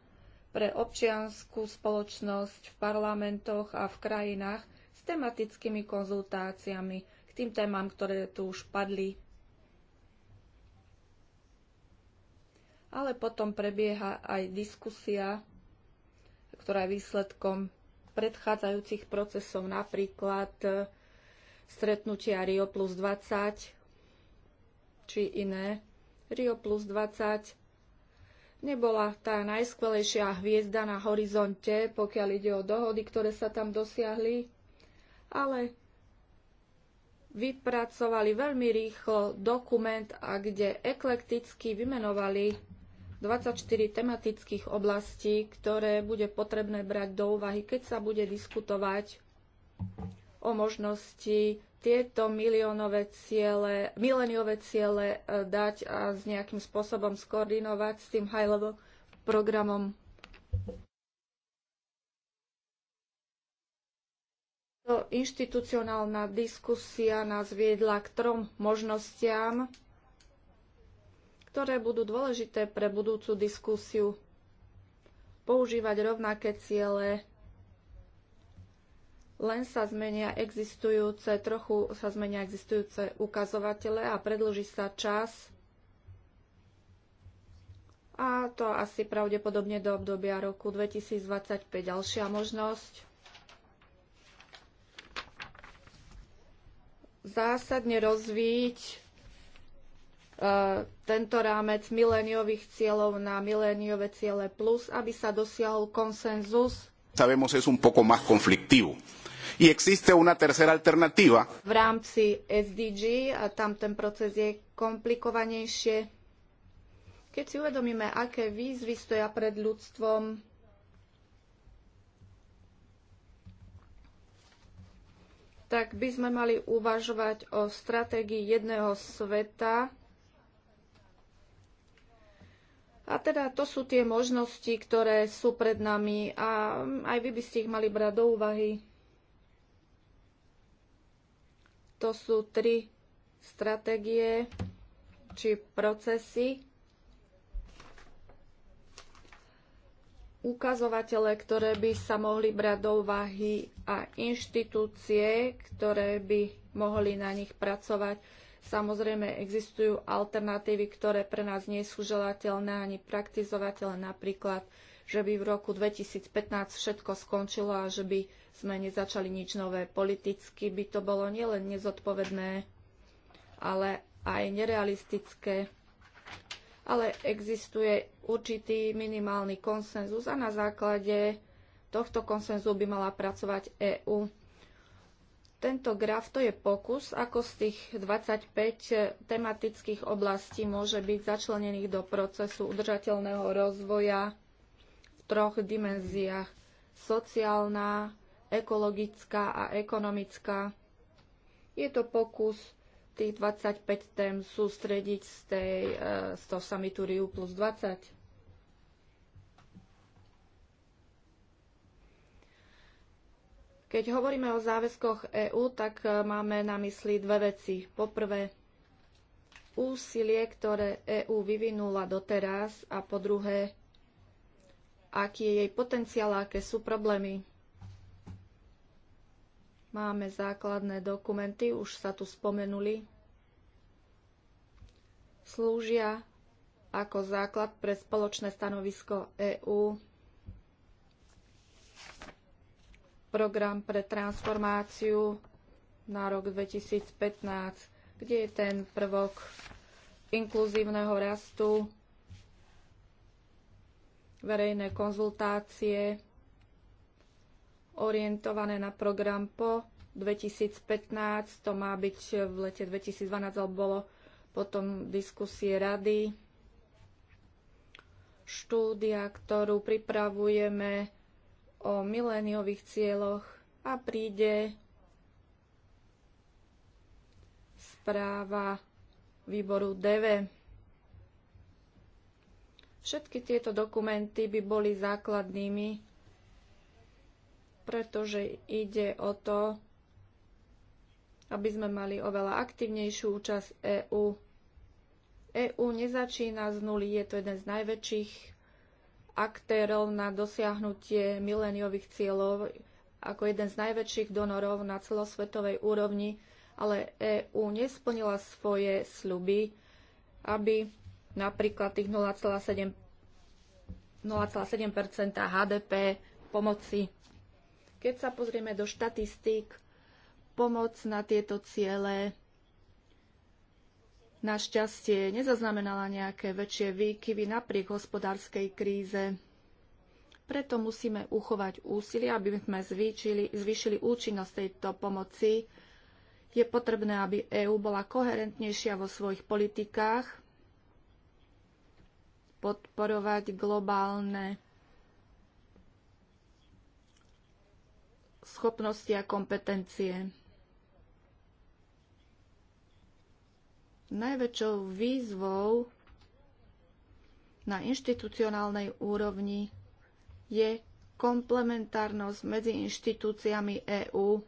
pre občianskú spoločnosť v parlamentoch a v krajinách s tematickými konzultáciami k tým témam, ktoré tu už padli. ale potom prebieha aj diskusia, ktorá je výsledkom predchádzajúcich procesov, napríklad e, stretnutia Rio plus 20 či iné. Rio plus 20 nebola tá najskvelejšia hviezda na horizonte, pokiaľ ide o dohody, ktoré sa tam dosiahli, ale vypracovali veľmi rýchlo dokument a kde eklekticky vymenovali 24 tematických oblastí, ktoré bude potrebné brať do úvahy, keď sa bude diskutovať o možnosti tieto miliónové ciele, mileniové ciele e, dať a s nejakým spôsobom skoordinovať s tým high-level programom. Inštitucionálna diskusia nás viedla k trom možnostiam ktoré budú dôležité pre budúcu diskusiu. Používať rovnaké ciele, len sa zmenia existujúce, trochu sa zmenia existujúce ukazovatele a predlží sa čas. A to asi pravdepodobne do obdobia roku 2025. Ďalšia možnosť. Zásadne rozvíjať E, tento rámec miléniových cieľov na miléniové ciele plus, aby sa dosiahol konsenzus. Sabemos es un poco más conflictivo. Y existe una tercera alternativa. V rámci SDG, a tam ten proces je komplikovanejšie. Keď si uvedomíme, aké výzvy stoja pred ľudstvom, tak by sme mali uvažovať o stratégii jedného sveta, A teda to sú tie možnosti, ktoré sú pred nami a mm, aj vy by ste ich mali brať do úvahy. To sú tri stratégie či procesy, ukazovatele, ktoré by sa mohli brať do úvahy a inštitúcie, ktoré by mohli na nich pracovať. Samozrejme, existujú alternatívy, ktoré pre nás nie sú želateľné ani praktizovateľné. Napríklad, že by v roku 2015 všetko skončilo a že by sme nezačali nič nové. Politicky by to bolo nielen nezodpovedné, ale aj nerealistické. Ale existuje určitý minimálny konsenzus a na základe tohto konsenzu by mala pracovať EÚ tento graf to je pokus, ako z tých 25 tematických oblastí môže byť začlenených do procesu udržateľného rozvoja v troch dimenziách. Sociálna, ekologická a ekonomická. Je to pokus tých 25 tém sústrediť z, tej, e, z toho samitu Riu plus 20. Keď hovoríme o záväzkoch EÚ, tak e, máme na mysli dve veci. Poprvé, úsilie, ktoré EÚ vyvinula doteraz a po druhé, aký je jej potenciál a aké sú problémy. Máme základné dokumenty, už sa tu spomenuli. Slúžia ako základ pre spoločné stanovisko EÚ program pre transformáciu na rok 2015, kde je ten prvok inkluzívneho rastu, verejné konzultácie orientované na program po 2015, to má byť v lete 2012, alebo bolo potom diskusie rady, štúdia, ktorú pripravujeme o miléniových cieľoch a príde správa výboru DV. Všetky tieto dokumenty by boli základnými, pretože ide o to, aby sme mali oveľa aktívnejšiu účasť EÚ. EÚ nezačína z nuly, je to jeden z najväčších aktérov na dosiahnutie miléniových cieľov ako jeden z najväčších donorov na celosvetovej úrovni, ale EÚ nesplnila svoje sľuby, aby napríklad tých 0,7 HDP pomoci. Keď sa pozrieme do štatistík, pomoc na tieto ciele našťastie nezaznamenala nejaké väčšie výkyvy napriek hospodárskej kríze. Preto musíme uchovať úsilie, aby sme zvýšili, zvýšili účinnosť tejto pomoci. Je potrebné, aby EÚ bola koherentnejšia vo svojich politikách, podporovať globálne schopnosti a kompetencie. Najväčšou výzvou na inštitucionálnej úrovni je komplementárnosť medzi inštitúciami EÚ,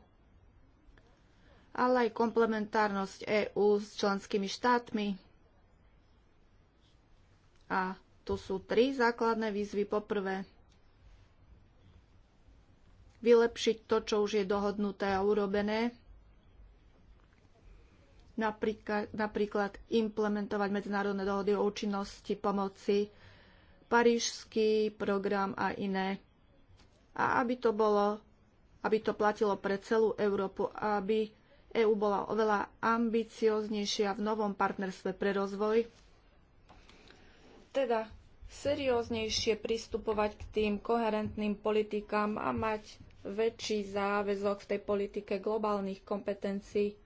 ale aj komplementárnosť EÚ s členskými štátmi. A tu sú tri základné výzvy. Poprvé, vylepšiť to, čo už je dohodnuté a urobené, napríklad, napríklad implementovať medzinárodné dohody o účinnosti pomoci, parížský program a iné. A aby to bolo, aby to platilo pre celú Európu, aby EÚ bola oveľa ambicioznejšia v novom partnerstve pre rozvoj. Teda serióznejšie pristupovať k tým koherentným politikám a mať väčší záväzok v tej politike globálnych kompetencií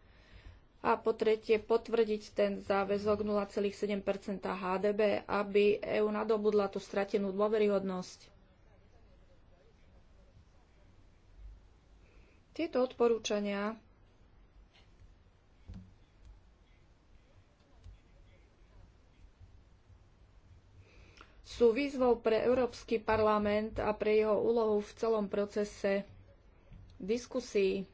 a po tretie potvrdiť ten záväzok 0,7 HDB, aby EÚ nadobudla tú stratenú dôveryhodnosť. Tieto odporúčania sú výzvou pre Európsky parlament a pre jeho úlohu v celom procese diskusí.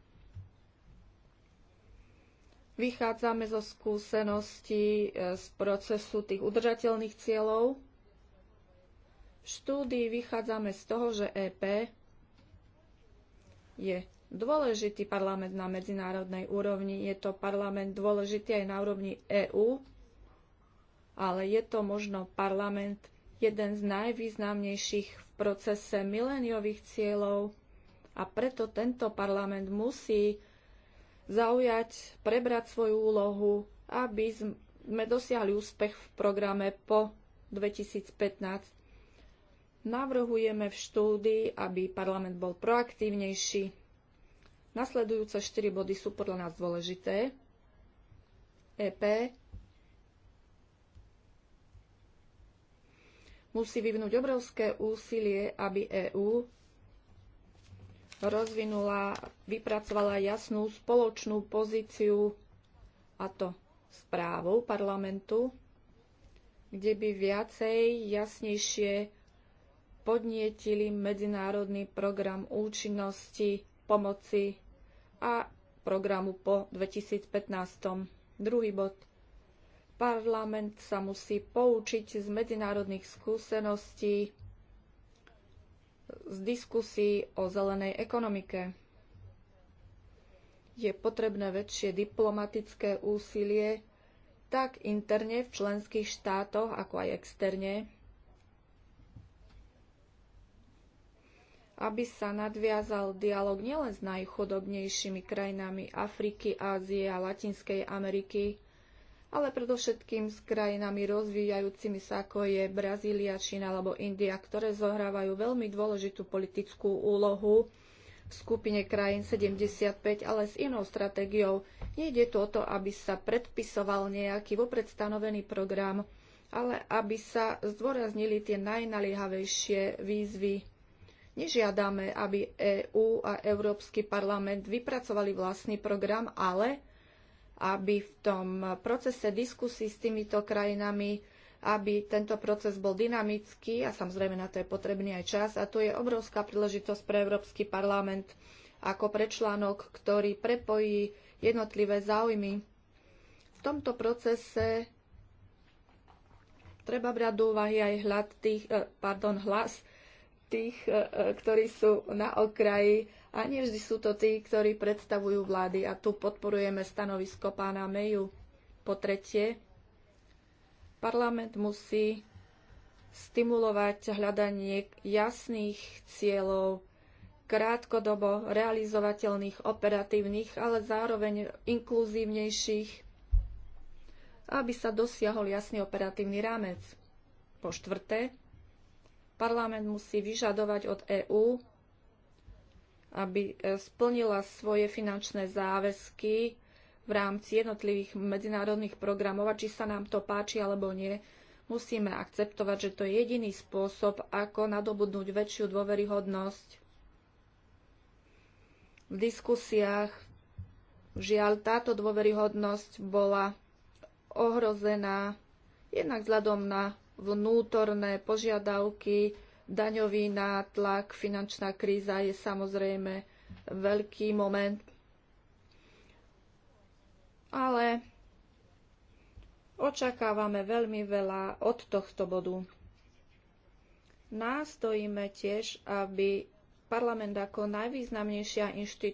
Vychádzame zo skúseností e, z procesu tých udržateľných cieľov. V štúdii vychádzame z toho, že EP je dôležitý parlament na medzinárodnej úrovni, je to parlament dôležitý aj na úrovni EÚ, ale je to možno parlament jeden z najvýznamnejších v procese mileniových cieľov a preto tento parlament musí zaujať, prebrať svoju úlohu, aby sme dosiahli úspech v programe po 2015. Navrhujeme v štúdii, aby parlament bol proaktívnejší. Nasledujúce 4 body sú podľa nás dôležité. EP musí vyvnúť obrovské úsilie, aby EÚ rozvinula, vypracovala jasnú spoločnú pozíciu, a to správou parlamentu, kde by viacej jasnejšie podnietili medzinárodný program účinnosti pomoci a programu po 2015. Druhý bod. Parlament sa musí poučiť z medzinárodných skúseností z diskusí o zelenej ekonomike. Je potrebné väčšie diplomatické úsilie tak interne v členských štátoch, ako aj externe, aby sa nadviazal dialog nielen s najchodobnejšími krajinami Afriky, Ázie a Latinskej Ameriky, ale predovšetkým s krajinami rozvíjajúcimi sa, ako je Brazília, Čína alebo India, ktoré zohrávajú veľmi dôležitú politickú úlohu v skupine krajín 75, ale s inou stratégiou. Nejde tu o to, aby sa predpisoval nejaký vopred stanovený program, ale aby sa zdôraznili tie najnaliehavejšie výzvy. Nežiadame, aby EÚ a Európsky parlament vypracovali vlastný program, ale aby v tom procese diskusí s týmito krajinami, aby tento proces bol dynamický a samozrejme na to je potrebný aj čas. A tu je obrovská príležitosť pre Európsky parlament ako prečlánok, ktorý prepojí jednotlivé záujmy. V tomto procese treba brať do úvahy aj tých, eh, pardon, hlas tých, eh, eh, ktorí sú na okraji a nevždy sú to tí, ktorí predstavujú vlády a tu podporujeme stanovisko pána Meju. Po tretie, parlament musí stimulovať hľadanie jasných cieľov, krátkodobo realizovateľných, operatívnych, ale zároveň inkluzívnejších, aby sa dosiahol jasný operatívny rámec. Po štvrté, parlament musí vyžadovať od EÚ, aby e, splnila svoje finančné záväzky v rámci jednotlivých medzinárodných programov a či sa nám to páči alebo nie, musíme akceptovať, že to je jediný spôsob, ako nadobudnúť väčšiu dôveryhodnosť v diskusiách. Žiaľ, táto dôveryhodnosť bola ohrozená jednak vzhľadom na vnútorné požiadavky Daňový nátlak, finančná kríza je samozrejme veľký moment, ale očakávame veľmi veľa od tohto bodu. Nástojíme tiež, aby parlament ako najvýznamnejšia inštitúcia